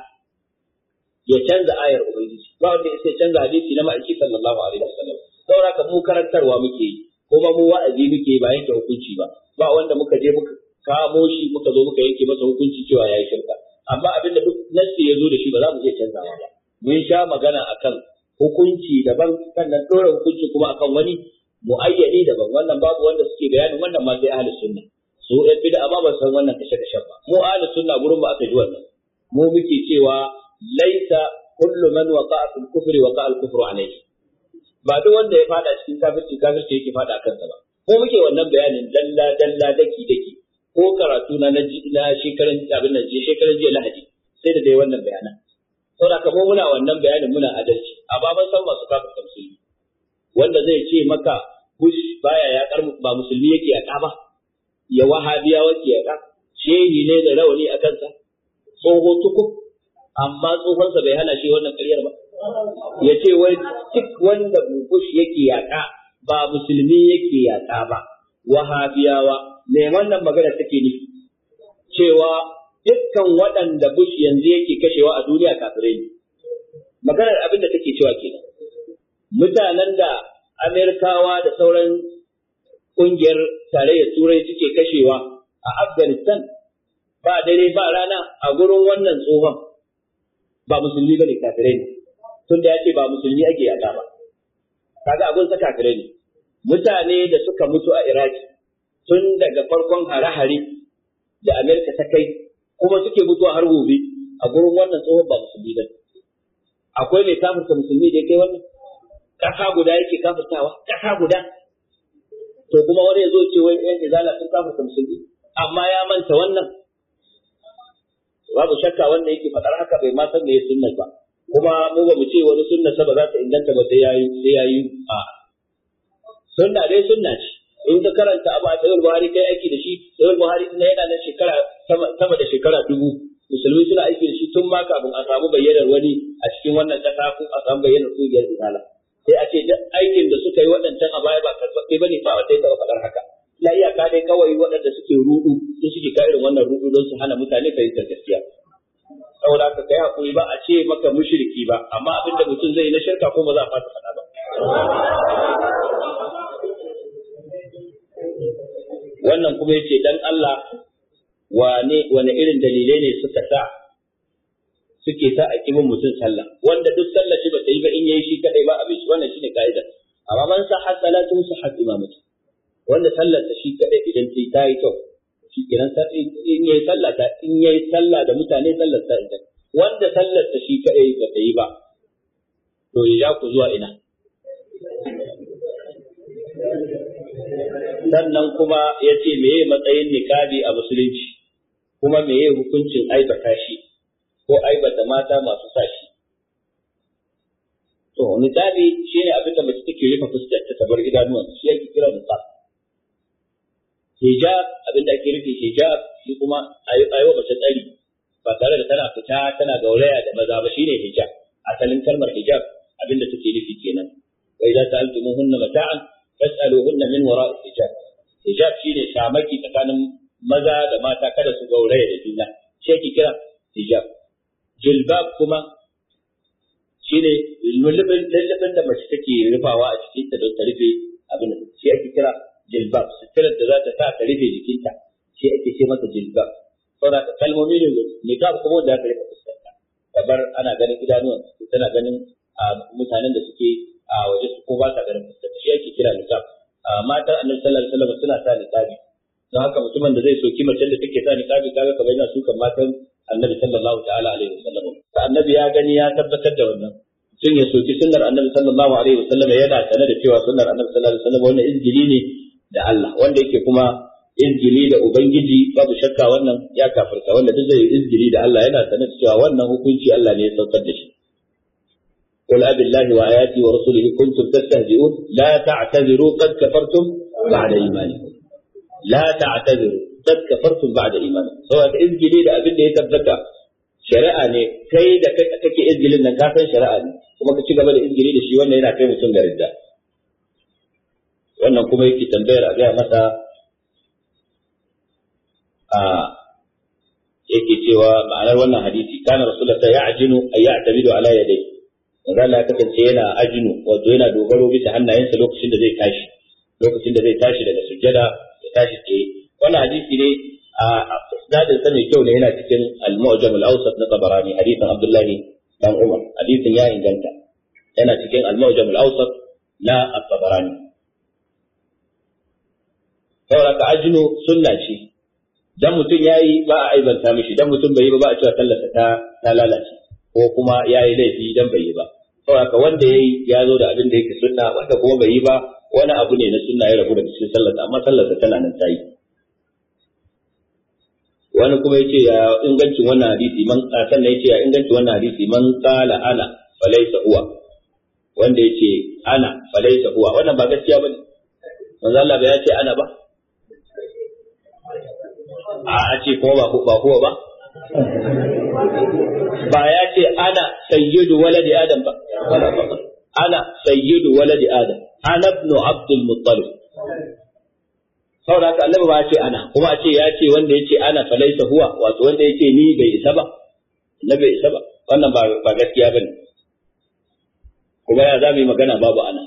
ya canza ayar ubangiji ba wanda ya isa canza hadisi na ma'aiki sallallahu alaihi wasallam sauraka mu karantarwa muke yi kuma mu wa'azi muke yi ba yanke hukunci ba ba wanda muka je muka kamo shi muka zo muka yanke masa hukunci cewa ya yi shirka amma abin da duk nassi ya zo da shi ba za mu iya canzawa ba mun sha magana akan hukunci daban sannan ɗora hukunci kuma akan wani mu'ayyani daban wannan babu wanda suke bayanin wannan ma sai ahlus sunna su ɗan bid'a amma ba san wannan kashe kashe ba mu ahlus sunna gurin ba aka ji wannan mu muke cewa laisa kullu man waqa'a fil kufri waqa'a al kufru alayhi ba duk wanda ya fada cikin kafirci kafirci yake fada kansa ba mu muke wannan bayanin dalla dalla daki daki ko karatu na na shekaran abin nan je shekaran jiya lahadi sai da dai wannan bayanan saboda kamar muna wannan bayanin muna adalci a baban san masu kafir musulmi wanda zai ce maka Bush baya ya ba musulmi yake a ba ya ya ka shehi ne da rawani a kansa tsoho tukuk amma tsohonsa bai hana shi wannan karyar ba ya ce wai duk wanda bukush yake yaka ba musulmi yake yaka ba wahabiyawa me wannan magana take nufi cewa dukkan waɗanda bush yanzu yake kashewa a duniya kafire ne maganar abin da take cewa kenan mutanen da Amerikawa da sauran ƙungiyar tarayyar turai suke kashewa a Afghanistan ba dare ba rana a gurin wannan tsohon ba musulmi ba ne kafirai ne tun da ya ce ba musulmi ake yada ba kaga abun sa kafirai ne mutane da suka mutu a Iraki tun daga farkon hare-hare da Amerika ta kai kuma suke mutuwa har gobe a gurin wannan tsohon ba musulmi ba akwai mai kafirta musulmi da ya kai wannan ƙasa guda yake kafirtawa ƙasa guda to kuma wani ya zo ce wai yan eh, izala sun kafa tamsili amma ya manta wannan babu shakka wanda yake faɗar haka bai ma san me sunna ba kuma mu ba mu ce wani sunna sa ba za ta inganta ba sai yayi sai yayi a sunna dai sunna ce in ka karanta abu a sayar buhari kai aiki da shi sayar buhari din yana nan shekara sama da shekara dubu musulmi suna aiki da shi tun ma kafin a samu bayyanar wani a cikin wannan ƙasa ko a samu bayyanar kungiyar izala sai a ce duk aikin da suka yi waɗancan a baya ba karɓaɓɓe ba ne ba wanda taɓa faɗar haka la iyaka dai kawai waɗanda suke ruɗu su suke kayan wannan ruɗu don su hana mutane fahimtar gaskiya saboda ka kai hakuri ba a ce maka mushriki ba amma abin da mutum zai yi na shirka ko ba za a fata faɗa ba wannan kuma yace dan Allah wane wane irin dalilai ne suka sa suke sa a kibin mutum sallah wanda duk Sallah. kadai ba in yayi shi kadai ba abin shi wannan shine kaida amma man sa hasalatu sahhat imamati wanda sallar ta shi kadai idan sai ta yi kyau shi kiran in yayi sallah ta in yayi sallah da mutane sallar ta idan wanda sallar ta shi kadai ba ta yi ba to ya ku zuwa ina sannan kuma ya ce meye matsayin nikabi a musulunci kuma meye hukuncin aibata shi ko aibata mata masu sashi? to shi ne abin da mace take rufe fuskar ta tabar idanuwan shi yake kira niqab hijab abin da ake rufe hijab shi kuma ayi mace tsari ba tare da tana fita tana gauraya da maza ba shine hijab asalin kalmar hijab abin da take rufe kenan wa idza sa'altumuhunna mata'an fas'aluhunna min wara'i hijab hijab shine shamaki tsakanin maza da mata kada su gauraya da juna shi yake kira hijab jilbab kuma shine lullubin da mace take rufawa a jikinta don ta rufe abin shi ake kira jilbab suturar da za ta sa ta rufe jikinta shi ake ce mata jilbab saboda ta kalmomi ne niqab kuma da aka rufe fuskarta kamar ana ganin idanuwan tana ganin mutanen da suke a waje su ko ba sa ganin fuskarta shi ake kira niqab matan annabi sallallahu alaihi wasallam suna sa niqabi don haka mutumin da zai soki mace da take sa niqabi kaga kamar yana sukan matan annabi sallallahu ta'ala alaihi wasallam da annabi ya gani ya tabbatar da wannan tun ya soki sunnar annabi sallallahu alaihi wasallam yana sanar da cewa sunnar annabi sallallahu alaihi wasallam wannan izgili ne da Allah wanda yake kuma izgili da ubangiji babu shakka wannan ya kafirta wanda duk zai izgili da Allah yana sanar da cewa wannan hukunci Allah ne ya saukar da shi قل أب الله وآياته ورسوله كنتم تستهزئون لا تعتذروا قد كفرتم بعد إيمانكم لا تعتذروا qad kafartum ba'da iman saboda izgili da abin da ya tabbata shari'a ne kai da kake izgilin nan ka san shari'a ne kuma ka ci gaba da izgili da shi wannan yana kai mutum ga ridda wannan kuma yake tambayar a gaya masa a yake cewa ma'anar wannan hadisi kana rasulullah ta ya'jinu ay ya'tamidu ala yadayhi manzo Allah ya kasance yana ajinu wato yana dogaro bisa hannayensa lokacin da zai tashi lokacin da zai tashi daga sujjada ya tashi tsaye wannan hadisi ne a isnadin sa mai kyau ne yana cikin al-mu'jam al-awsat na tabarani hadisin abdullahi dan umar hadisin ya inganta yana cikin al-mu'jam al-awsat na tabarani saboda ka ajinu sunna ce dan mutum yayi ba a aibanta mishi dan mutum bai yi ba ba a cewa sallarsa ta ta lalace ko kuma yayi laifi dan bai yi ba saboda wanda yayi ya zo da abin da yake sunna wanda kuma bai yi ba wani abu ne na sunna ya rabu da cikin sallarsa amma sallarsa tana nan tayi wani kuma yace ya ingancin wannan hadisi man sannan yace ya ingancin wannan hadisi man qala ana falaysa huwa wanda yace ana falaysa huwa wannan ba gaskiya bane manzo Allah bai yace ana ba a a ce kuma ba ba huwa ba ba ya ce ana sayyidu waladi adam ba ana sayyidu waladi adam ana ibn abdul muttalib saboda haka annabi ba ce ana kuma a ce ya ce wanda ya ce ana falaisa huwa wato wanda ya ce ni bai isa ba na bai isa ba wannan ba gaskiya bane kuma ya zamu yi magana babu ana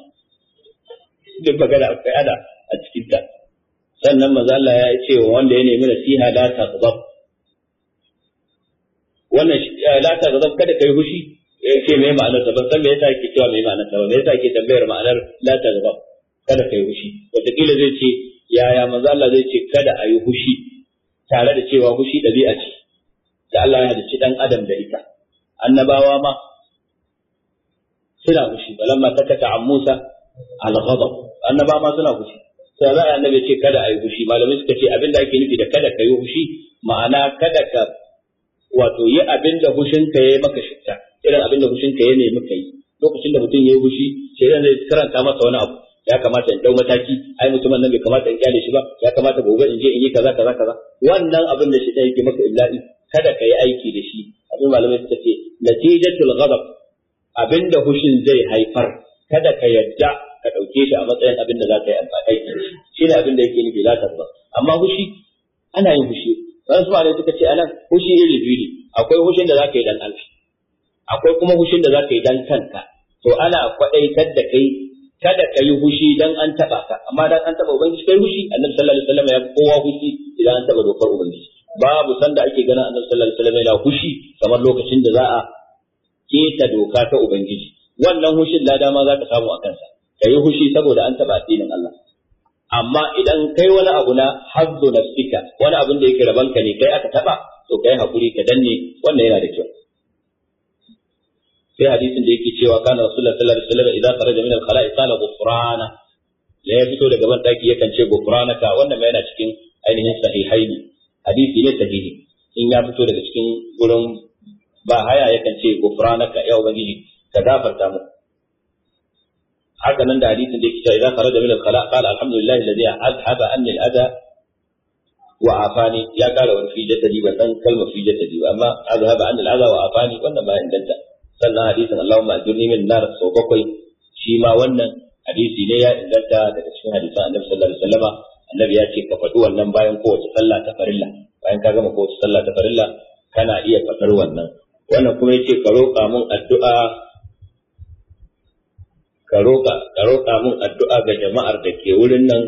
duk magana akwai ana a cikin ta sannan manzo Allah ya ce wa wanda ya nemi nasiha da ta zaba wannan eh, la ta zaba kada kai hushi yake mai ma'anar ta ban san me yasa yake cewa mai ma'anar ta ba me yasa yake tambayar ma'anar la ta zaba kada kai hushi kila zai ce yaya maza Allah zai ce kada a yi hushi tare da cewa hushi ɗabi'a ce da Allah ya halicci dan adam da ita annabawa ma suna hushi balamma takata an Musa al-ghadab annabawa ma suna hushi sai za a annabi ce kada a yi hushi malamai suka ce abin da ake nufi da kada ka yi hushi ma'ana kada ka wato yi abin da ka ya yi maka shitta irin abin da ka ya ne maka yi lokacin da mutum ya yi hushi sai zai karanta masa wani abu ya kamata in dau mataki ai mutumin nan bai kamata in kyale shi ba ya kamata gobe in je in yi kaza kaza kaza wannan abin da shi dai yake maka ibla'i kada ka yi aiki da shi abin malamai suka ce natijatul ghadab abinda hushin zai haifar kada ka yadda ka dauke shi a matsayin abin da za ka yi alfakai shi ne abin da yake nufi la ba amma hushi ana yin hushi su malamai suka ce anan hushi iri biyu ne akwai hushin da za ka yi dan alfi akwai kuma hushin da za ka yi dan kanka to ana kwadaitar da kai kada ka yi hushi dan an taba ka amma dan an taba ubangiji kai hushi annabi sallallahu alaihi wasallam ya kowa hushi idan an taba dokar ubangiji babu sanda ake ganin annabi sallallahu alaihi wasallam yana hushi kamar lokacin da za a keta doka ta ubangiji wannan hushin lada dama za ka samu a kansa ka yi hushi saboda an taba dinin Allah amma idan kai wani abu na hazzu nafsika wani abin da yake rabanka ne kai aka taba to kai hakuri ka danne wannan yana da kyau sai hadisin da yake cewa kana rasulullahi sallallahu alaihi wasallam idan kharaja min al-khala'i qala ghufrana da ya fito daga ban daki yakan ce ghufranaka wannan ma yana cikin ainihin sahihaini, hadisi ne sahihi in ya fito daga cikin gurin ba haya yakan ce ghufranaka ya ubangiji ka gafarta mu haka nan da hadisin da yake cewa idan kharaja min al-khala'i qala alhamdulillahi alladhi azhaba anni al-adha wa afani ya kara wani fi jasadi ba san kalmar fi jasadi ba amma azhaba an al'aza wa afani wannan ba inganta sannan hadisin ma ajirni min nar sau bakwai shi ma wannan hadisi ne ya inganta daga cikin hadisan Annabi sallallahu alaihi wasallama Annabi ya ce ka faɗi wannan bayan kowace sallah ta farilla bayan ka gama kowace sallah ta farilla kana iya faɗar wannan wannan kuma yace ka roƙa mun addu'a ka roƙa ka roƙa mun addu'a ga jama'ar da ke wurin nan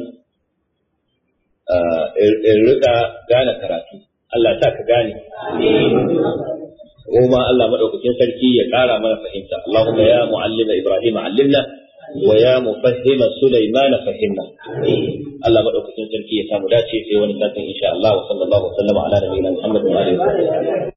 ah, in rika gane karatu Allah ta ka gane goma Allah madaukakin sarki ya kara mana fahimta Allahumma ya muallima Ibrahim allimna wa ya mufahhima Sulaiman fahimna Allah madaukakin sarki ya samu dace sai wani sakin insha Allah wa sallallahu wa sallam ala nabiyina Muhammad wa alihi